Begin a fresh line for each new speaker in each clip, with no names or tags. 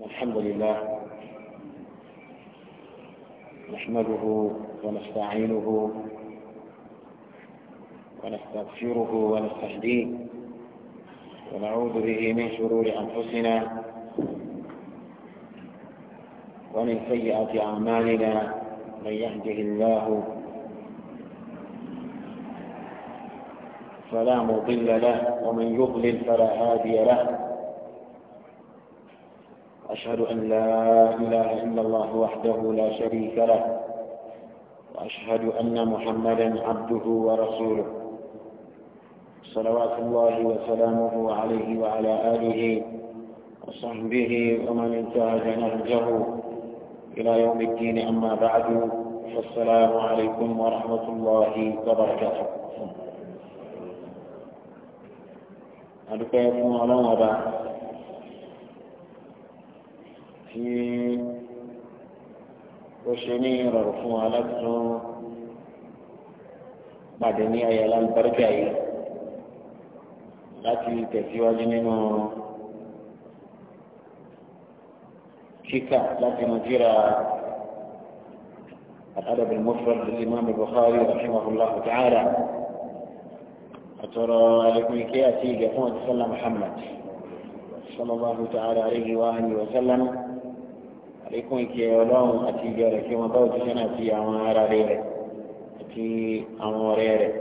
الحمد لله نحمده ونستعينه ونستغفره ونستهديه ونعوذ به من شرور انفسنا ومن سيئه اعمالنا من يهده الله فلا مضل له ومن يضلل فلا هادي له أشهد ان لا اله الا الله وحده لا شريك له واشهد ان محمدا عبده ورسوله صلوات الله وسلامه عليه وعلى اله وصحبه ومن انتهج نهجه الى يوم الدين اما بعد فالسلام عليكم ورحمه الله وبركاته ما الله tí ó ṣe ní ìrọ̀rùn fún wa láti tún pàdé ní ayọ̀lá lùbáríkà yìí láti tẹ̀síwájú nínú kíkà láti mú jíra الأدب المفرد للإمام البخاري رحمه الله تعالى أترى لكم كياتي يقول صلى محمد صلى الله تعالى عليه وآله وسلم àlékún ìkẹ́ ọlọ́run àti ìjọ rẹ̀ kí wọ́n bá òṣìṣẹ́ náà ti àwọn ará rẹ̀ re àti àwọn ọ̀rẹ́ rẹ̀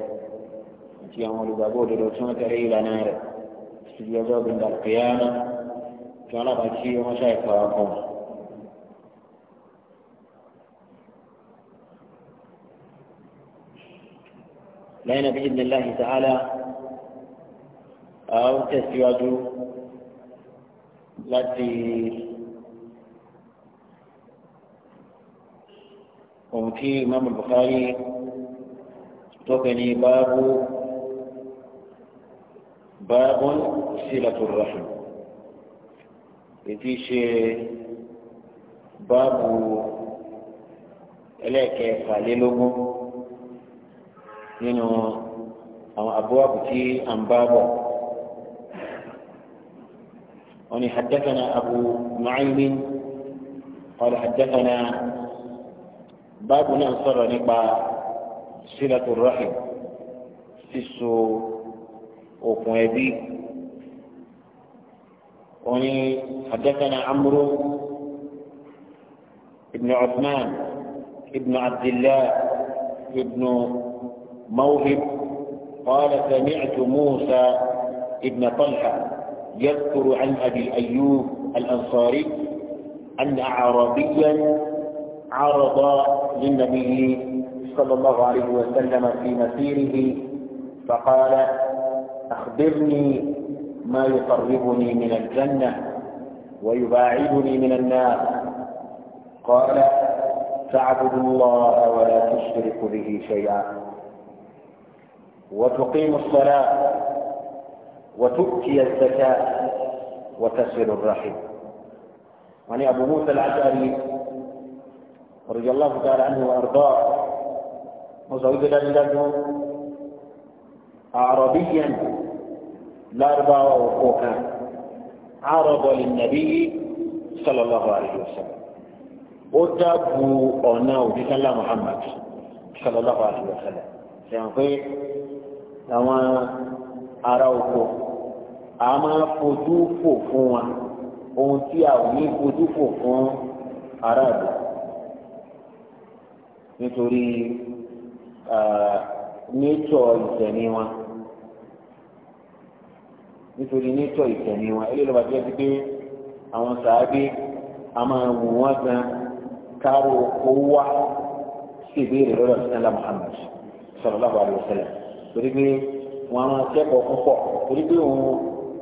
àti àwọn olùgbàgbọ́ òdodo tí wọ́n tẹ̀lé ìlànà rẹ̀ ti di ọjọ́ gbẹ̀ngà kìíyàmá kí wọ́n lábàá tí wọ́n ṣàì pàwọ́ kan. lẹ́yìn náà bíi Allah ta'ala
àwọn tẹ̀síwájú láti. ohun tí imam bukhari
tọ́ka ní báàbù báàbù sílatu rahim ètí ṣe báàbù ẹlẹ́ẹ̀kẹfàlélógún nínú àwọn abúwàbù tí à ń bá bọ̀. وني حدثنا أبو معين قال báàbù náà sọ̀rọ̀ nípa sílẹ̀tò rọ́ọ̀hìn síso òkun ẹbí oní àdẹ́sẹ̀nà amúrú ibn Uthman ibn Abdillah ibn
Mawhib قال سمعت موسى ابن طلحة
يذكر عن أبي أيوب الأنصاري أن أعرابيا عرض للنبي صلى الله عليه وسلم في مسيره فقال أخبرني ما يقربني من الجنة ويباعدني من النار قال تعبد الله ولا تشرك به شيئا وتقيم الصلاة وتؤتي الزكاة وتصل الرحم يعني أبو موسى العشعري رضي الله تعالى عنه وأرضاه وزوج لله عربيا لا أربع وقوها عرض للنبي صلى الله عليه وسلم ودابوا أناو بسلا محمد صلى الله عليه وسلم يعني لما ará أما a máa fojú fò fún wa ohun tí nítorí nítọ̀ ìtẹ̀mí wọn nítorí nítọ̀ ìtẹ̀mí wọn eléyìí ló bá jẹ́ pé àwọn sàábé a máa wù wọ́n gan káró owó wá sí ìbéèrè lọ́dọ̀ sí nàlá Muhammad sallallahu alaihi wasallam torí pé wọn a máa kẹ́kọ̀ọ́ púpọ̀ torí pé òun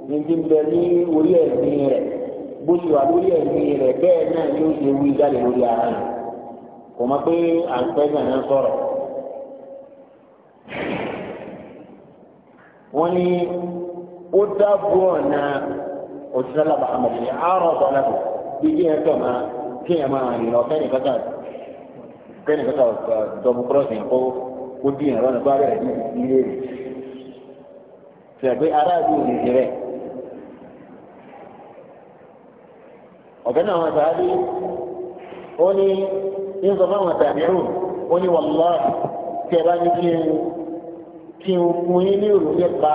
ní ti ń bẹ ní orí ẹ̀mí rẹ̀ bó ṣe wà lórí ẹ̀mí rẹ̀ bẹ́ẹ̀ náà ni ó ṣe wí jáde lórí ara rẹ̀ kò mọ̀ pé à ń pẹ́ gàn náà sọ̀rọ̀. wọ́n ní ó dábò ọ̀nà òṣìṣẹ́ lábà àmọ̀tí àárọ̀ sọ̀rọ̀ bí kí ẹ tọ̀ máa kí ẹ máa rìn lọ kẹ́ni kọ́tà kẹ́ni kọ́tà dọ̀bù kúrọ́sì yẹn kó kó dì yẹn lọ́nà tó abẹ́rẹ́ ní ilé rẹ̀ tẹ̀gbẹ́ aráàlú ò ní ti rẹ̀. ọ̀gá náà wọn sáré ó ní ń sọ fáwọn tàbíhùn ó ní wàllá tí ẹ bá ní kí n kí yín ní òrùn nípa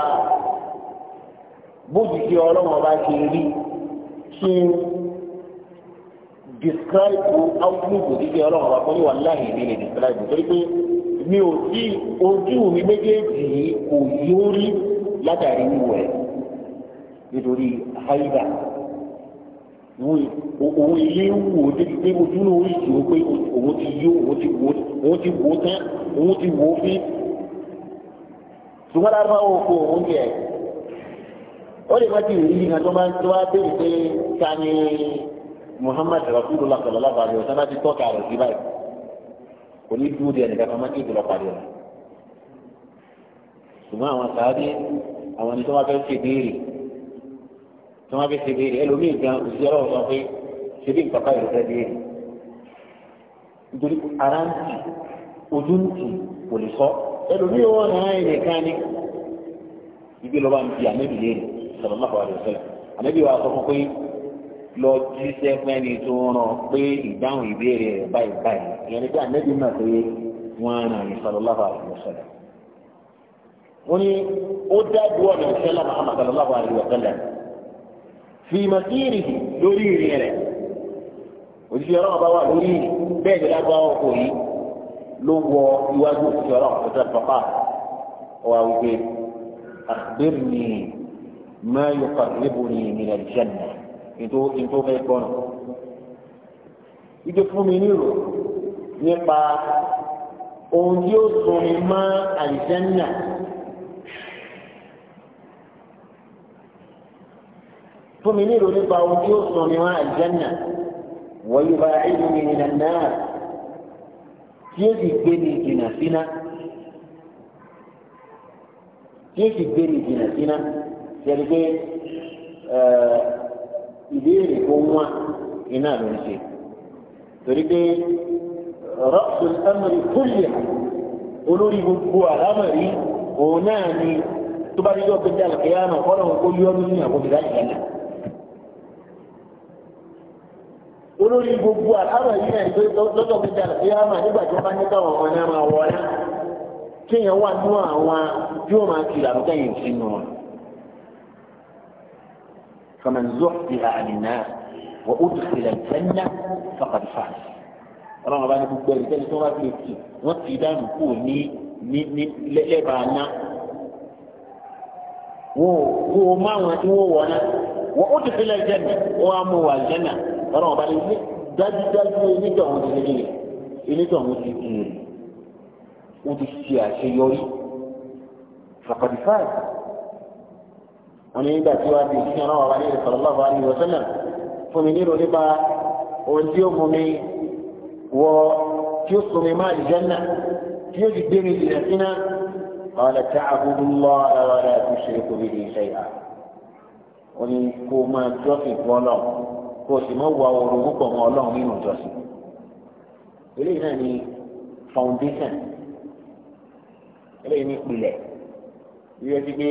bójú kí ọlọ́run ọba ṣe rí kí n describe outlook òdìdí ọlọ́run ọba fún yín wàllá yìí ní lè describe torí pé
mi ò sí ojú mi
méjèèjì kò yóò rí
látàrí wíwẹ̀
nítorí haida.
òun
ilé ń wò débi pé ojú ló rí ìṣòro pé òun ti yó òun ti wò òun tán òun ti wò fín ṣùgbọ́n lábá oko òun jẹ ó lè má ti rí ìrìn àjọ máa ń tó pé ta ni Muhammad láti tọ́ka sí báyìí kò ní dúró di ẹnìkan kan ṣùgbọ́n àwọn àwọn ẹni tó fẹ́ ṣèbéèrè. tí wọ́n fi ṣe béèrè ẹlòmíì gan òṣìṣẹ́ ọlọ́run pé ṣe bí nǹkan báyìí lọ́sẹ̀ béèrè nítorí ara ń tì ojú ń tì kò lè sọ ẹlòmíì wọn náà ibi lọ́ba ń àmẹ́bí sọ̀rọ̀ máa àmẹ́bí wa sọ fún pé lọ jíṣẹ́ fẹ́ni tó rán pé ìdáhùn ìbéèrè rẹ̀ báyìí báyìí ìyẹn ni pé àmẹ́bí náà pé wọ́n á sọ̀rọ̀ wọ́n ó dá ọ̀nà ìṣẹ́lá alayhi wa sallam fi masiri lórí ìrìn rẹ̀ òṣìṣẹ́ ọlọ́run bá wà lórí bẹ́ẹ̀ ni lágbára ọkọ̀ yìí ló wọ iwájú òṣìṣẹ́ ọlọ́run tó tẹ̀ pápá ọ̀wá wípé àgbẹ̀rùnì máa yọ kàgbẹ́bùnì ìmìnira ìṣẹ̀nà ètò ètò fẹ́ gbọ́nà. ìjọ fún mi nírò nípa ohun tí ó sọ mi mọ́ àìsẹ́nà fún mi nílò nípa ohun tí ó sọ mi wá àjẹ́nà
wọ́yí bá ẹ̀yìn mi nìyẹn náà
tí ó sì gbé mi jìnnà síná tí ó sì gbé mi jìnnà síná yẹni pé ìbéèrè kó wá iná ló ń ṣe torí pé rọ́pù ẹ̀mọ̀rì kúlìyà olórí gbogbo àlámọ̀rí òun náà ni tó bá dé ọ̀gbẹ́jà lọ́kẹ́yà náà kọ́ lọ́wọ́ kó yọ ọdún ní àkókò ìdájọ́ náà. olórí gbogbo àlámọ̀ yìí náà lọ́dọ̀ mi dàrú bí àmà nígbà tí wọ́n bá ní káwọn ọmọ náà máa wọlé kéèyàn wà nú àwọn bí wọ́n máa kiri àrùn kẹ́yìn sínú wọn. فمن زحزح عن النار وأدخل الجنة فقد فاز ọlọ́run bá ní gbogbo ẹ̀rí tẹ́lẹ̀ tó wá sí etí wọ́n ti dánù kù ní lẹ́bàá ná wọ́n kó máwọn tí wọ́n wọ̀ wọ́n náà wọ́n á mú wà ọlọ́run bá lè ní dájúdájú onítọ̀hún ti nílé onítọ̀hún ti kú ó ti ṣe àṣeyọrí fàkàdìfáì wọn ní nígbà tí wàá di ìṣẹ́ ọlọ́run bá lè sallallahu alaihi wa sallam fún mi nílò nípa ohun tí ó mú mi wọ tí ó sọ mi má àlìjánná tí ó ti gbé mi jìnnà síná qala ta'budu Allaha wa la tushriku bihi shay'a wọn ni kó máa jọ́sìn fún ọlọ́run. kó o sì mọ wà oorun púpọ̀ mọ́ ọlọ́run nínú ìjọsìn eléyìí náà ni foundation eléyìí ni ìpìlẹ̀ ìyẹn ti gbé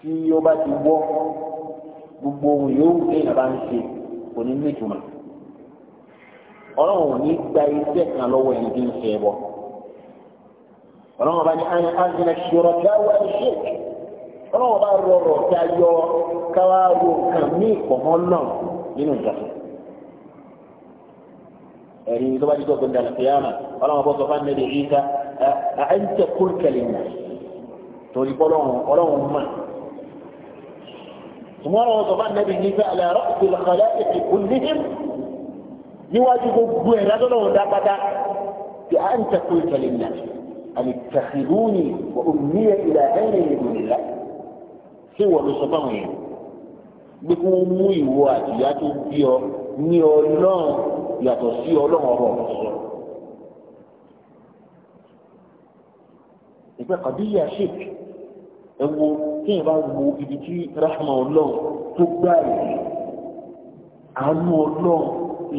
tí ó bá ti wọ́ gbogbo ohun yòówù ń ṣe kò ní ní ìtumọ̀ ọlọ́run ò ní gba iṣẹ́ kan lọ́wọ́ ẹni tí ń ṣe ọlọ́run ní àyìn àjìnà ṣòro ṣe ọlọ́run rọrọ̀ yọ káwá ro nǹkan ní ìkọ̀mọ́ náà. nínú ìjọsìn ẹ̀rí tó bá dídọ̀ gbẹ̀ndà lẹ́yàmà ọlọ́run bọ́ sọ fún àmì ìyíká à ń tẹ kó kẹlẹ̀ mọ̀ torí ọlọ́run mọ̀ ṣùgbọ́n ọlọ́run sọ fún àmì ìyíká àlẹ́ àrọ́ ìpìlẹ̀ kọlẹ́ ìpìkú níhìn níwájú gbogbo ẹ̀ lọ́dọ̀lọ́run dábàdá bí à ń tẹ kó kẹlẹ̀ mọ̀ àmì tàkìlúni wà ó ní ilẹ̀ ẹ̀yìn ìlú nílá sí wọ́n ló sọ fún àwọn èèyàn pé kó mú ìwọ àti ìyá tó bí ọ ní ọlọ́run yàtọ̀ sí ọlọ́run ọ̀rọ̀ sọ. ìpè kàdíyà sheik ẹ wo kéèyàn bá wo ibi tí rahma ọlọ́run tó gbà rẹ̀ àánú ọlọ́run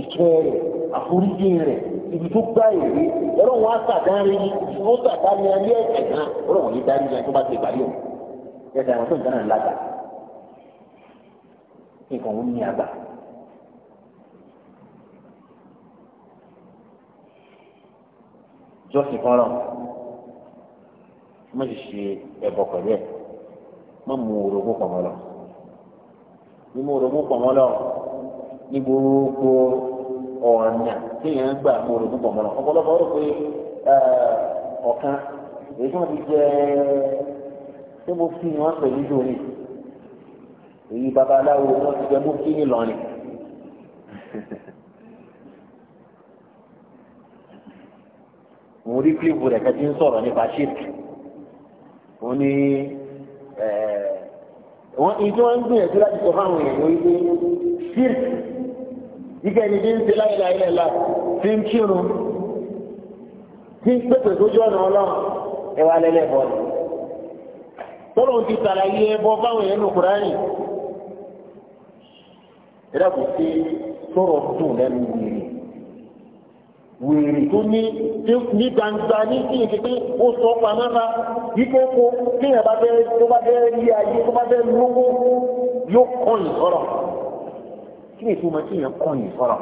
ìkẹ́ rẹ̀ àforíjì rẹ̀ ibi tó gbà èrè ọlọ́run á sàdáni ó sàdáni ayé ẹ̀jẹ̀ gan ọlọ́run yìí dárí ẹni tó bá ti gbà yọ̀ ẹ̀jẹ̀ àwọn tó ńlá dáa nǹkan òun ní àgbà. jọ́sìn kan lọ má sì ṣe ẹbọ pẹ̀lú ẹ̀ má mú orogún pọ̀ mọ́ lọ mímú orogún pọ̀ mọ́ lọ ní gbogbo ọ̀nà téèyàn gbà mú orogún pọ̀ mọ́ lọ ọ̀pọ̀lọpọ̀ rò pé eh, ọ̀kan èyí tí wọ́n ti jẹ́ tí mo fi wọn pẹ̀lú ìdóni èyí babaláwo wọn ti jẹ mọ́kí ńìlọrin mo rí kílíìpù rẹ̀ kẹ́tí ń sọ̀rọ̀ nípa ṣíìkì ó ní wọ́n ìdí wọ́n ń gbìyànjú láti sọ fáwọn èèyàn wípé ṣíìkì ike ẹni tí ń ṣe láyéláyé la fi ń kírun tí ń pèpè sójú ọ̀nà ọlọ́run ẹ̀wà lẹ́lẹ́bọ̀ọ́ tọ́lọ́run ti ṣàlàyé ẹbọ fáwọn èèyàn nù Kùránì ẹ̀dá kò sí sọ̀rọ̀ dùn lẹ́nu wèrè wèrè tó ní ní gbangba ní kí n kékeré ó sọ pamẹ́ra yíkó kó kéèyàn bá fẹ́ tó bá fẹ́ rí
ayé tó bá fẹ́ lówó yóò kọyìn sọ̀rọ̀
kí ni ìtumọ̀ kéèyàn kọyìn sọ̀rọ̀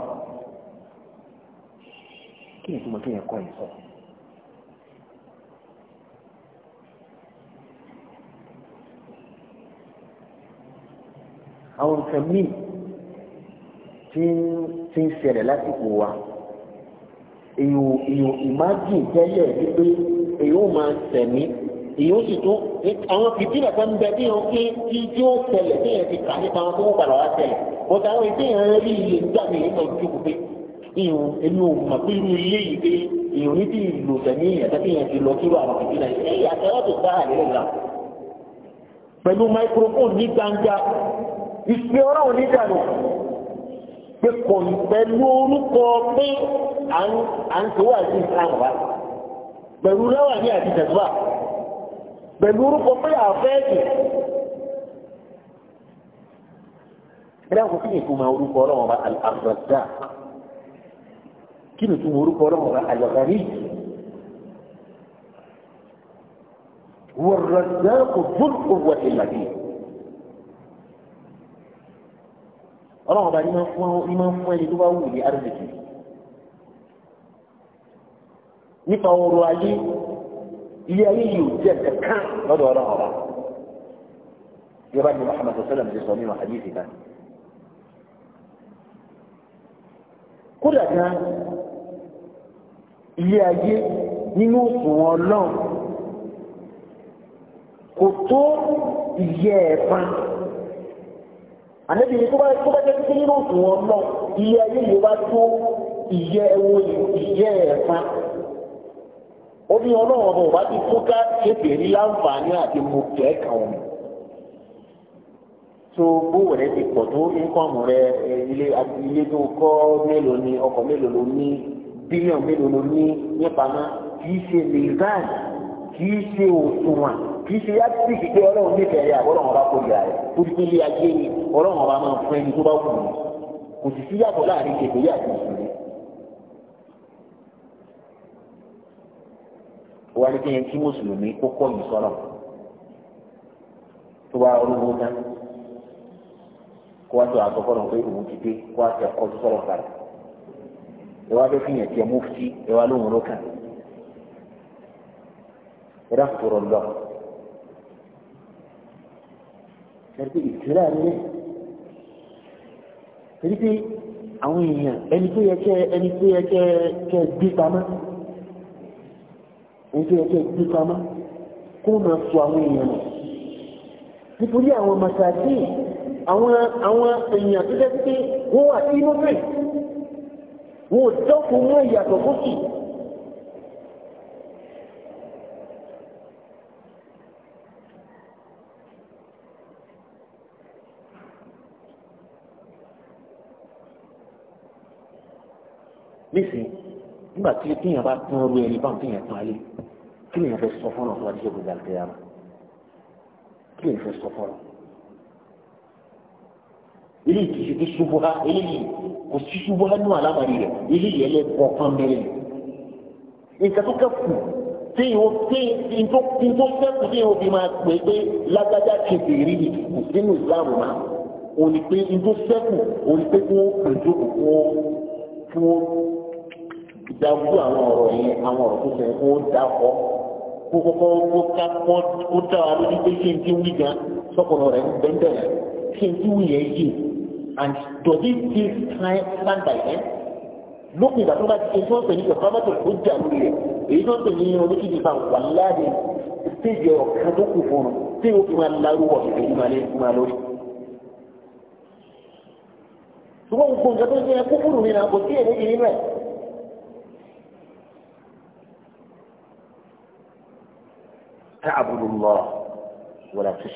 kí ni ìtumọ̀ kéèyàn kọyìn sọ̀rọ̀. àwọn nǹkan míì tí tí ń ṣẹlẹ̀ lásìkò wa èyò èyò ìmájì tẹ́lẹ̀ wípé èyò máa sẹ̀mí èyò sì tún àwọn fìdílẹ̀ kan bẹ bí wọn pé tí tí ó ṣẹlẹ̀ bí yẹn ti kà nípa wọn tó ń padà wá ṣẹlẹ̀ bọ́tà àwọn ìdí yẹn rí iye nígbà mi èyí náà jókòó pé ìhun èmi ò mọ̀ pé irú ilé yìí pé ìhun ní ti lò sẹ̀mí ìyàtọ̀ tí yẹn ti lọ kí àwọn fìdílẹ̀ yìí ẹ̀yà àtẹwọ́ tó gbá àlẹ́ pé kò ní pẹ̀lú orúkọ pé à ń tó wà ní ìsìlámù wa pẹ̀lú lẹ́wà ní àti tẹ̀síwà pẹ̀lú orúkọ pé àfẹ́ẹ̀kì ẹ̀dá kò kí ni ìtumọ̀ orúkọ ọlọ́wọ́n bá àlùfáà kí ni ìtumọ̀ orúkọ ọlọ́wọ́n bá àlùfáà هو الرزاق ذو القوة المتين ọlọ́run ọba ní máa ń fún ẹni tó bá wù ní arúgbìkì nípa ọrọ̀ ayé ilé ayé yìí ò jẹ́ kankan lọ́dọ̀ ọlọ́run ọba yọba ní muhammadu sallam ti sọ nínú hadith náà kódà gan ilé ayé nínú òṣùwọ̀n ọlọ́run kò tó ìyẹ́ ẹ̀fọn ànábì ní tó bá tó bá jẹ́ pé nínú òsùn wọn náà ilé ayé yìí bá tó ìyẹ́ ẹwọ ìyẹ́ ẹ̀fá ó ní ọlọ́run ọmọ òbá ti tó ká kéde ní láǹfààní àti mo jẹ́ kàn wọ́n tó bówó rẹ ti pọ̀ tó ínkọ́ọ̀mù rẹ ilé ilé tó kọ́ mélòó ni ọkọ̀ mélòó ló ní bílíọ̀n mélòó ló ní nípa náà kì í ṣe mìíràn kì í ṣe òṣùwọ̀n kì í ṣe yá sí kìkì ọlọ́run nífẹ̀ẹ́ yà ọlọ́run ọba kò yà rẹ̀ torí pé ilé ayé ni ọlọ́run ọba máa fún ẹni tó bá wù ú kò sì sí yàtọ̀ láàrin kékeré àti ìṣòro. wọ́n á ní kéèyàn kí mùsùlùmí kó kọ́ yìí sọ́rọ̀ tó bá rúgbó ná kó wá tó àtọ́kọ́ náà pé òun ti dé kó wá tẹ ọkọ́ tó sọ̀rọ̀ kalẹ̀ ẹ wá bẹ́ẹ̀ fìyàn tiẹ̀ mufti ẹ wá lóhùn lókàn ẹ dákòtò rọ̀ lọ́wọ́. ṣàlùkù ìtura rẹ̀ torí pé àwọn èèyàn ẹni tó yẹ kẹ́ ẹni tó yẹ kẹ́ kẹ́ gbé pamọ́ ẹni tó yẹ kẹ́ gbé pamọ́ kó máa sọ àwọn èèyàn nù nítorí àwọn màsàdé àwọn àwọn èèyàn tó jẹ́ pé wọ́n wà sí inú fẹ̀ wọ́n ò dọ́kun mọ́ ìyàtọ̀ fókì. nísìnyí nígbà tí tíyàn bá tún ọrú ẹni báwọn tíyàn tún alẹ́ kí lèyàn fẹ́ sọ fọ́nà tó wá díjọ́ gbogbo àti ẹ̀yà kí lèyàn fẹ́ sọ fọ́nà. eléyìí kì í ṣe kí ṣubú ha eléyìí kò sí ṣubú ha nínú alámàrí rẹ̀ eléyìí ẹlẹ́gbọ̀n kan mẹ́rin. nǹkan tó kẹ́kù tí ìwọ tí ìtò ìtò kẹ́kù tí ìwọ fi máa pè pé lágbájá kejì rí ni kò sínú ìlàrú náà òní pé ìtò kẹ́kù òní pé kí wọ́n pè da gbogbo àwọn ọ̀rọ̀ yẹn àwọn ọ̀rọ̀ tó fẹ́ kó da kọ́ kó kọ́kọ́ kó ká kọ́ kó dá wa lórí pé ṣé n ti wí gan sọ́kùnrin rẹ̀ ń bẹ́ńbẹ́ rẹ̀ ṣé n ti wí yẹn yìí and does it still stand by them lókun ìgbà tó bá ti ṣe tí wọ́n pè ní ìjọba mọ́tò tó jà lórí rẹ̀ èyí tó ń pè ní olókìkí fa wà láàrin stéèjì ọ̀rọ̀ kan tó kù fún un tí o fi máa larúwọ̀ ìgbèjì máa lé máa lórí. ṣùgbọ́n nǹkan tó ń ṣe kúkúrú ta'budu الله ولا la به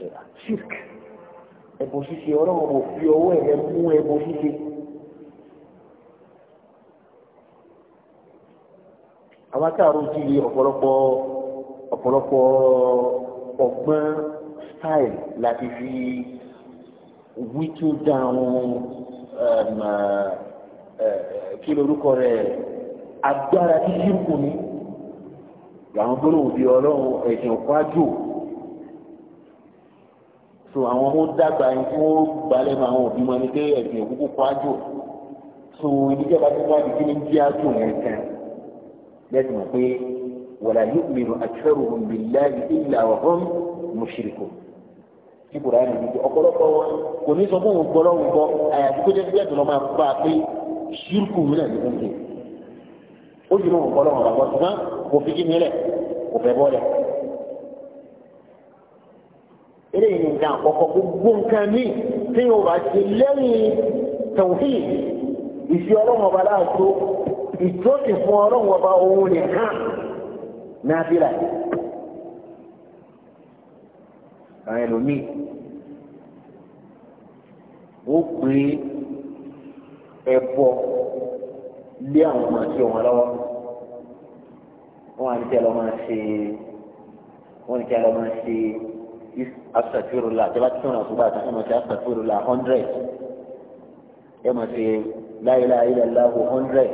شيئا. شرك؟ shirk ẹbọ ṣíṣe ọlọ́run kò fi ọwọ́ ẹ̀ mú ẹbọ ṣíṣe. àwọn akáàrọ̀ ojú yìí ọ̀pọ̀lọpọ̀ ọ̀pọ̀lọpọ̀ ọgbọ́n style láti fi wíjú dáhùn
um,
uh, uh, kí lorúkọ rẹ̀ agbára tí ṣírkù ní làwọn gbólóhùn bíi ọlọ́run ẹ̀sìn kwájú so àwọn ọmọ dàgbà yẹn kó gbalẹ̀ mọ àwọn òbí wọn ni pé ẹ̀sìn òkúkú kwájú so ìdíjọba tó wá di kí ni bí ájú yẹn kan lẹ́sìn mọ̀ pé wala yu'minu aktharuhum billahi illa wa hum mushrikun tí kùránì yìí ọ̀pọ̀lọpọ̀ kò ní sọ fún òun gbọ́ lọ́wọ́ gbọ́ àyàfi kó jẹ́ bí ẹ̀dùn kò fi kí ni lẹ̀ kò fẹ́ bọ́ lẹ̀ eléyìí ni nǹkan àkọ́kọ́ gbogbo nǹkan mi tí yóò bá ti lẹ́yìn tòwí ìfi ọlọ́run ọba láàtó ìjọsìn fún ọlọ́run ọba òun nìkan náà fi là àwọn ẹlòmíì ó pè é ẹbọ lé àwọn ọmọ àti ọmọ lọ́wọ́ wọn àti kẹlẹ ọmọ ṣe wọn àti kẹlẹ ọmọ ṣe asàfihàn àti láti sọ̀rọ̀ àtúbà àti ọmọ ṣe asàfihàn hundred ẹ mọ̀ ṣe la ilaha illallah hundred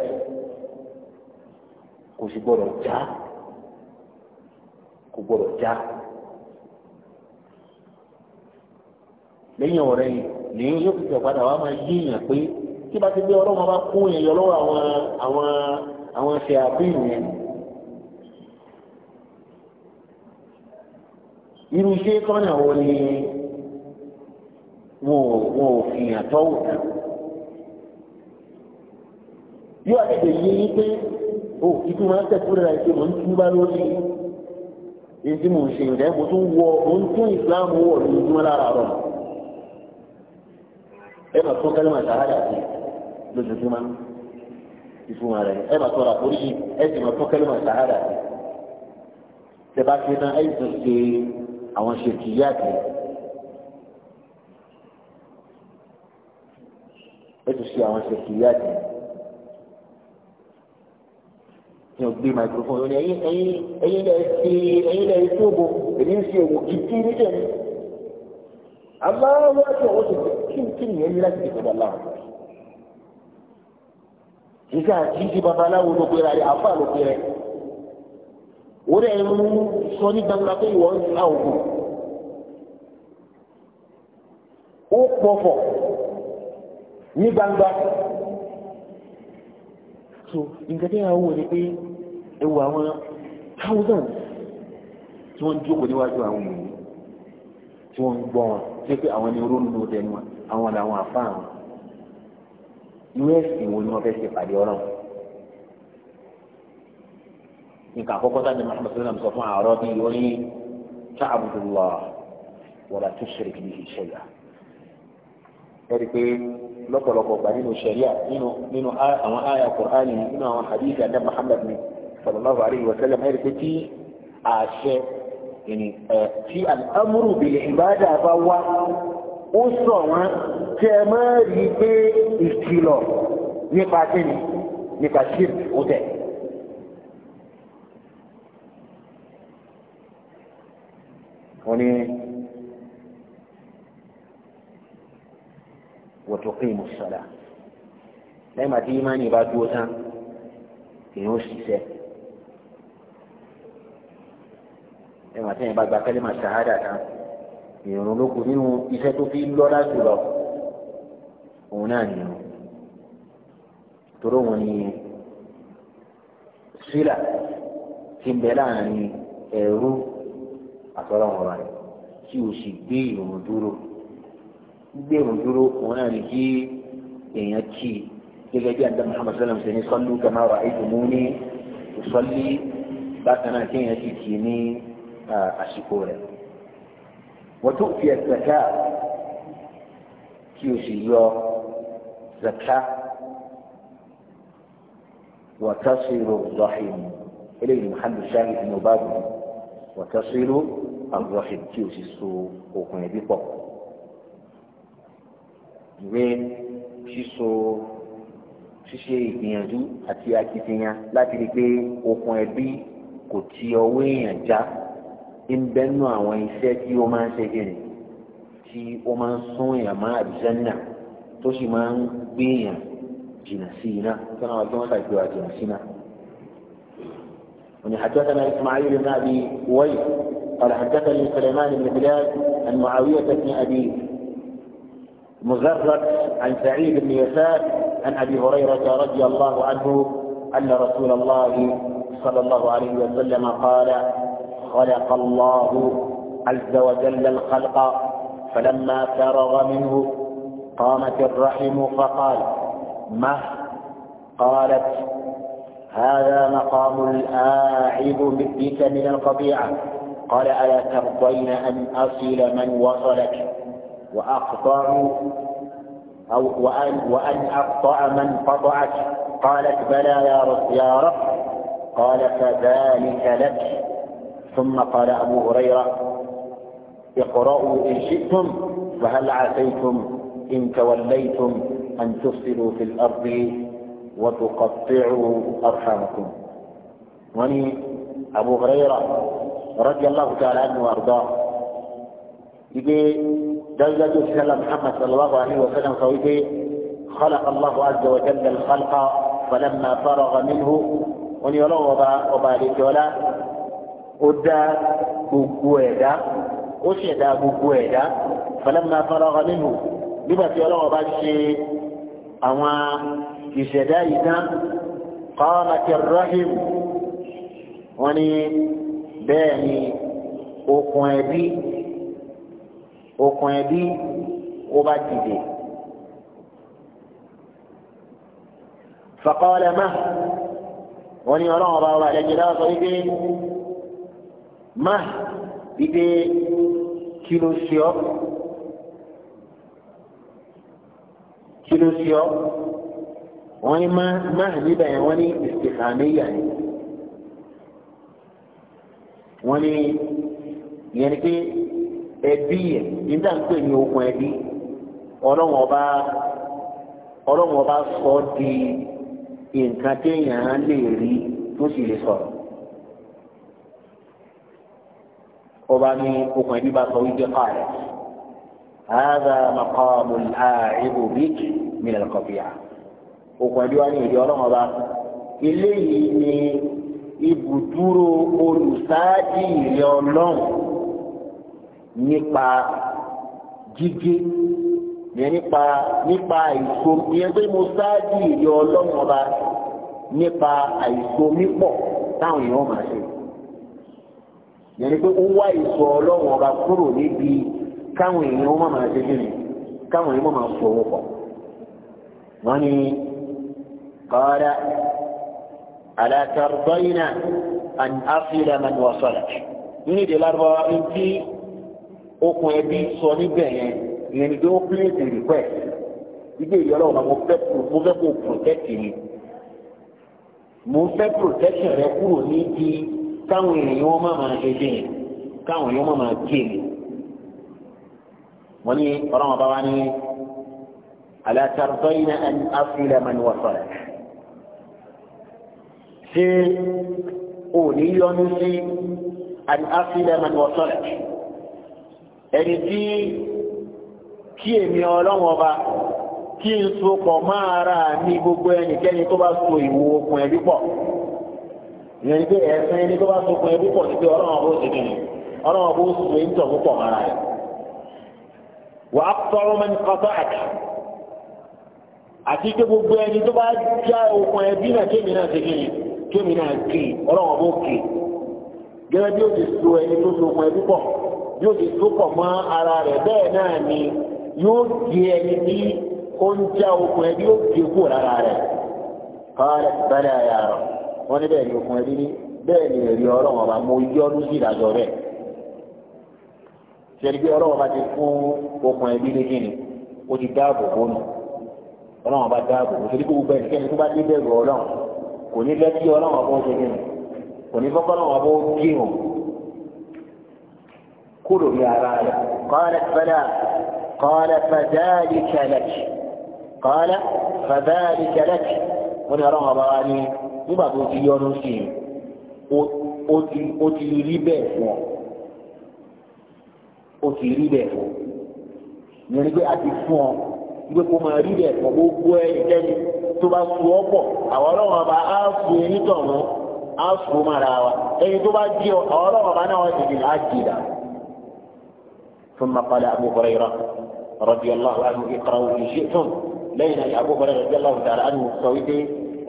kò sì gbọdọ̀ já kò gbọdọ̀ já lẹ́yìn ọ̀rẹ́ yìí ní yóò fi ṣèpadà wàá máa yíyàn pé tí bá ti gbé ọlọ́run bá kó yẹn yọ lọ́wọ́ àwọn àwọn àwọn ṣe àfihàn yẹn. irú iṣẹ́ tọ́nà wo ni wọn ò wọn ò fi hàn tọ́wò yóò àtẹ̀tẹ̀ yé yín pé o oh, ìdí máa ń tẹ̀kúrẹ́ rẹ̀ pé mò ń túbá lórí èyí tí mò ń ṣe rẹ̀ mo tún wọ mo ń tún Islam wọ̀ ní ojúmọ́ lára rọ̀ ẹ máa tún kálí máa ṣàhádà sí lójoojúmọ́ ìfúnwa rẹ̀ ẹ máa tọ́ra oríṣi ẹ sì máa tún kálí máa ṣàhádà sí tẹ bá ṣe tán ẹ sì tún ṣe àwọn ṣèkìyàtì ó ti ṣe àwọn ṣèkìyàtì ní ògbé microphone ó ní ẹyin ẹyin ẹyin lẹ ṣe ẹyin lẹ ṣe ògbó èmi ń ṣe òwò kìkì nílẹ̀ mi àmọ́ wọ́n ṣe òwò ṣe kí kí nìyẹn ní láti dìbò bàbá wọn. ìṣe àti ìṣe babaláwo ló gbéra rẹ̀ àfa ló gbéra rẹ̀ wọ́n dẹ̀ ń sọ ní gbangba pé ìwọ ń ta òògùn ó pọ̀fọ̀ ní gbangba so nǹkan tí àwọn wòlé pé ẹwà àwọn thousands tí wọ́n ń jókòó níwájú àwọn òmìnir tí wọ́n ń gbọ́ wọn tí pé àwọn ni oró ń lo tẹnu àwọn làwọn àfáà wọn ìwé ẹ̀sìn ni wọ́n fẹ́ ṣe pàdé ọlọ́run nǹkan àkọ́kọ́ tá a ní Muhammad sallam sọ fún àárọ̀ bíi ó ní ta'budullah wa la tushrik bihi shay'a lórí pé lọ́pọ̀lọpọ̀ gbà nínú sẹ̀ríà nínú nínú àwọn àyà Kùránì nínú àwọn hadith àdá Muhammad ni sallallahu alayhi wa sallam ẹ̀rí pé tí àṣẹ tí al'amuru bil ibada bá wá ó sọ wọn tẹ mọ́ rí pé nípa kíni nípa ṣírk ó tẹ̀. wọ́n ní wa tuqimu salah lẹ́yìn àti ìmánì bá dúró tán èèyàn ó ṣiṣẹ́ lẹ́yìn àti ìyẹn bá gba kẹ́lẹ́mà ṣàhádà tán èèyàn olókùn nínú iṣẹ́ tó fi lọ́lá jùlọ òun náà nìyẹn torí òun ni sílà ti ń bẹ láàrin ẹ̀rú sọ́lọ́wọ́n ọba rẹ̀ kí o sì gbé ìrùn dúró gbé ìrùn dúró òun náà ní kí èèyàn kì í gẹ́gẹ́ bí adé muhammed sallam ṣe ní sọ́lú kama rà ìdùnnú ní ìsọ́lí bákan náà kí èèyàn sì kì í ní àsìkò rẹ̀ wọ́n tó fi ẹ̀sẹ̀ká kí o sì yọ zaka wọ́tá sí ro zọ́hìn eléyìí muhammed sallam ṣe ní ọba àgùn wọ́tá sí ro abdulrahim tí o sì so okùn ẹbí pọ̀ ìwé síso ṣíṣe ìgbìyànjú àti akitiyan láti rí i pé okùn ẹbí kò ti ọwọ́ èèyàn já ń bẹ́nu àwọn iṣẹ́ tí ó máa ń ṣe kiri tí ó máa ń sún èèyàn mọ́ àbíṣẹ́nà tó sì máa ń gbé èèyàn jìnnà sí iná tó náà wọ́n tó wọ́n ṣàgbéwà jìnnà sí iná. òní àjọ tẹ́lẹ̀ Ismail náà bí wọ́yìí. قال حدثني سليمان بن بلال عن معاوية بن أبي مزرق عن سعيد بن يسار عن أبي هريرة رضي الله عنه أن رسول الله صلى الله عليه وسلم قال خلق الله عز وجل الخلق فلما فرغ منه قامت الرحم فقال مه قالت هذا مقام الآعب بك من القطيعة قال ألا ترضين أن أصل من وصلك وأقطع أو وأن وأن أقطع من قطعك قالت بلى يا رب يا رب قال فذلك لك ثم قال أبو هريرة اقرأوا إن شئتم فهل عسيتم إن توليتم أن تفسدوا في الأرض وتقطعوا أرحامكم وني أبو هريرة radiyallahu ta'ala anhu àrùbá ìgbé dájúdájú òṣìṣẹ́ la muhammad sallallahu alayhi wa sallam sọ wípé khalaqa allahu azza wa jalla al-khalqa falamma faragha minhu oní ọlọ́wọ́ ọba ọba àdéjọ́lá ó dá gbogbo ẹ̀dá ó ṣẹ̀dá gbogbo ẹ̀dá falamma faragha minhu nígbà tí ọlọ́wọ́ bá ṣe àwọn ìṣẹ̀dá yìí tán qamati ar-rahim wọ́n ní bẹ́ẹ̀ ni okùn ẹbí okùn ẹbí ó bá dìde. fàkọọlẹ máa wọn ni Ọlọ́run ọba ọba ẹlẹjẹ náà sọ wípé máa wípé kí ló ọ kí ló ọ wọn ni máa níbẹ̀ yẹn wọn ni ìsìkàmẹ́yà ni wọ́n ní ìyẹn ni pé ẹbí yẹn nígbà ń pè ní okùn ẹbí ọlọ́wọ́n ọba ọlọ́wọ́n ọba sọ di nǹkan téèyàn lè rí tó sì lè sọ̀rọ̀. ọba ní okùn ẹbí bá sọ wípé káàrẹ̀ هذا مقام الآعب بك من القبيعة okùn ẹbí wa ní ìdí ọlọ́wọ́n ọba eléyìí ni ibùdúró olùsáájì ìrẹ́ ọlọ́run nípa jíjí yẹn nípa nípa àìsò yẹn pé mo sáájì ìrẹ́ ọlọ́run ọba nípa àìsò mípọ̀ táwọn èèyàn máa ṣe yẹn ni pé ó wá ìsọ ọlọ́run ọba kúrò níbi káwọn èèyàn má máa ṣe kíni káwọn èèyàn má máa fọwọ́ pọ̀ wọ́n ní kọ́ọ́dá. ألا ترضين أن أصل من وصلك ní èdè lárúbáwá ń tí okùn ẹbí sọ níbẹ̀ yẹn ìyẹn ni pé ó pílẹ̀tì request ìgbé ìyọ́lọ́ ọ̀nà mo fẹ́ mo fẹ́ kó protect mi mo fẹ́ protection rẹ kúrò ní ti káwọn èèyàn wọn máa máa ṣe dé yẹn káwọn èèyàn máa máa gé mi. wọ́n ní ọlọ́run bá wá ní alátàrúbáyìn náà àfihàn mani wà ṣé o ní yọnu sí àfihàn wọ́sọ̀rẹ̀ ẹni tí kí èmi ọlọ́wọ́n ọba kí n so pọ̀ máa ra ní gbogbo ẹnikẹ́ni tó bá so ìwo okùn ẹbí pọ̀ ìyẹn ni pé ẹ̀sìn ẹni tó bá so okùn ẹbí pọ̀ sí pé ọlọ́wọ́n ọba ó ti kìnnì ọlọ́wọ́n ọba ó so èyí tó púpọ̀ mára rẹ̀ wà á tọrọ mẹ́ni kọ́tọ́ àti pé gbogbo ẹni tó bá já okùn ẹbí náà kéèmì náà ti kìnnì kémi náà kì í ọlọ́wọ́n bó kì í gẹ́gẹ́ bí ó ti so ẹni tó so mọ́ ẹbí pọ̀ bí ó ti so pọ̀ mọ́ ara rẹ̀ bẹ́ẹ̀ náà ni yóò gé ẹni bí ó ń já okùn ẹbí ó gé kú lára rẹ̀ kọ́lẹ̀ bẹ́ẹ̀ ayà rọ̀ wọ́n ní bẹ́ẹ̀ ni okùn ẹbí ní bẹ́ẹ̀ ni èrè ọlọ́wọ́n ọba mo yọ́nú sí ìdájọ́ bẹ́ẹ̀ ṣẹ́ni bí ọlọ́wọ́n bá ti fún okùn ẹbí ní kíni ó ti dáàbò bónú ọlọ́wọ́n bá dáàbò bó kò ní bẹ́ẹ̀ tí ọlọ́run ọ̀bọ ṣe nínú kò ní fọ́kọ́ ọlọ́run ọ̀bọ kí hàn kúrò ní ara rẹ̀ kọ́lẹ̀ fẹ́lá kọ́lẹ̀ fẹ́dáàlì kẹlẹ̀kì kọ́lẹ̀ fẹ́dáàlì kẹlẹ̀kì wọ́n ní ọlọ́run ọba wa ní nígbà tó ti yọnu sí i ó ti rí bẹ́ẹ̀ fún ọ ó ti rí bẹ́ẹ̀ fún ọ ìyẹn ni pé a ti fún ọ wípé kó máa rí bẹ́ẹ̀ fún ọ gbogbo ẹnikẹ́ni. tó bá su ọ̀pọ̀ àwọn ọlọ́run ọba á fún yín tọ̀hún á fún mara wa ẹni tó bá jí ọ àwọn ọlọ́run ọba náà wọ́n ti dì á jì dà. ثم قال أبو هريرة رضي الله عنه اقرأوا إن شئتم lẹ́yìn náà Abu Hurairah radiyallahu ta'ala anhu sọ wípé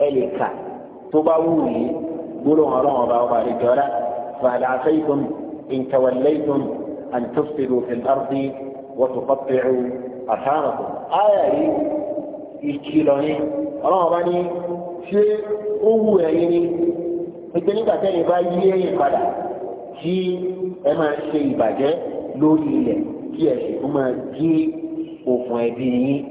ẹ lè kà tó bá wù yìí gbólóhùn ọlọ́run ọba ọba àdìjọ́ra fàdà àfẹ́yìntàn ìntàwọ̀lẹ́yìntàn àǹtọ́sílù ìkìlọ̀ ni ọlọ́run bá ní ṣé ó wù ẹ̀yin ni pé nígbà tẹ́yìn bá yí ẹ̀yìn padà kí ẹ máa ṣe ìbàjẹ́ lórí ilẹ̀ kí ẹ sì tún máa gé òkun ẹbí yín.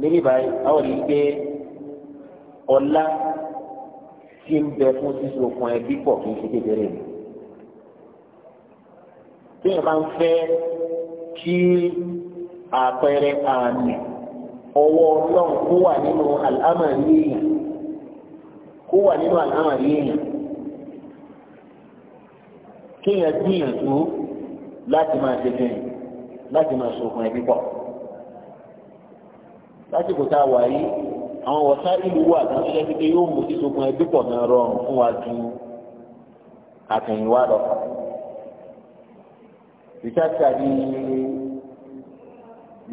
níbi báyìí àwọn rí i pé ọlá tí ń bẹ fún sísun òkun ẹbí pọ̀ kì í ṣe kékeré ni. téèyàn bá ń fẹ́ kí àpẹẹrẹ àmì ọwọ́ ọlọ́run kó wà nínú àlámà yéèyàn kó wà nínú àlámà yéèyàn kéèyàn gbìyànjú láti máa ṣe bẹ́ẹ̀ láti máa ṣògùn ẹbí pọ̀ lásìkò tá a wà yìí àwọn wọ̀sá ìlú wà tó ṣe pé yóò mú sísogun ẹbí pọ̀ náà rọrùn fún wa ju àtẹ̀yìnwá lọ. rìsáàtì àbí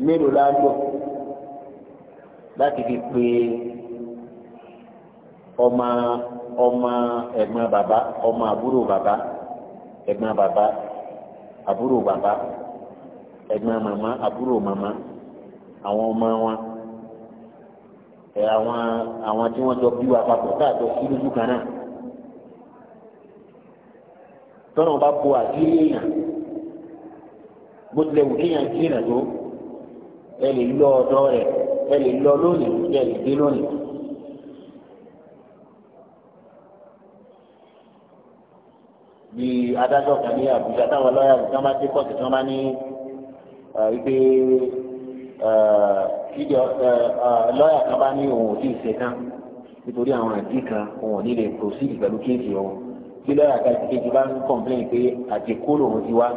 mélòó la láti fi pe ọmọ ọmọ ẹ̀gbọ́n bàbá ọmọ àbúrò bàbá ẹ̀gbọ́n bàbá àbúrò bàbá ẹ̀gbọ́n màmá àbúrò màmá àwọn ọmọ wọn ẹ àwọn àwọn tí wọ́n jọ bí wa papọ̀ káàtó sí lójú kan náà tọ́nà bá bo àdírí èèyàn bó tilẹ̀ wù kéèyàn jìnnà tó ẹ lè lọ ọ̀dọ̀ rẹ̀ ẹ lè lọ lónìí ẹ lè dé lónìí. bí adájọ́ kan ní Àbújá táwọn lọ́ọ̀yà kan máa dé kọ́ọ̀tù kan máa ní ìgbé ìdí lọ́ọ̀yà kan bá ní òun ò tí ì ṣe tán nítorí àwọn àdí kan òun ò ní lè proceed pẹ̀lú kéèsì ọ̀hún tí lọ́ọ̀yà kan ti kéèsì bá ń complain pé àdínkù lòun ti wá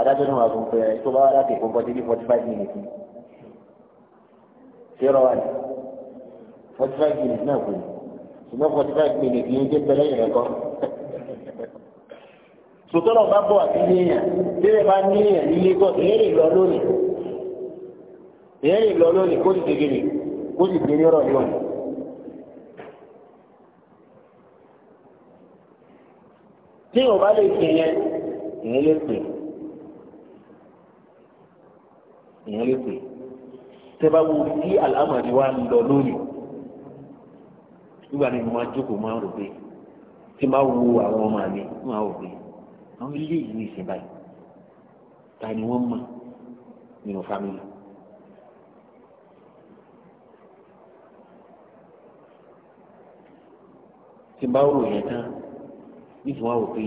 adájọ́ náà wà fún pé tó bá wá láti kó forty forty five minutes kíra rẹ̀ forty five minutes náà kù ṣùgbọ́n forty five minutes ni ojú bẹ lẹ́yìn rẹ̀ kọ́. sòtọ́lọ̀ bá bọ̀ àti yéèyàn bẹ́ẹ̀ bá ní èèyàn ní Lagos èyẹ́ lè lọ lónìí èyẹ́ lọ lónìí kó sì dégele kó sì dé nírọ̀ yọ̀ tí o bá lè ṣe yẹn èyẹ́ lè pè èyẹ́ lè pè tẹ́bá wo tí àlámọ̀rí wa ń lọ lónìí nígbà tí mo máa jókòó máa ń rò pé tí máa wo àwọn ọmọ mi máa rò pé àwọn ilé yìí ní ìsìn báyìí ta ni wọ́n mọ̀ nínú fámìlì. tí bá wò yẹn tán nítorí wọn pé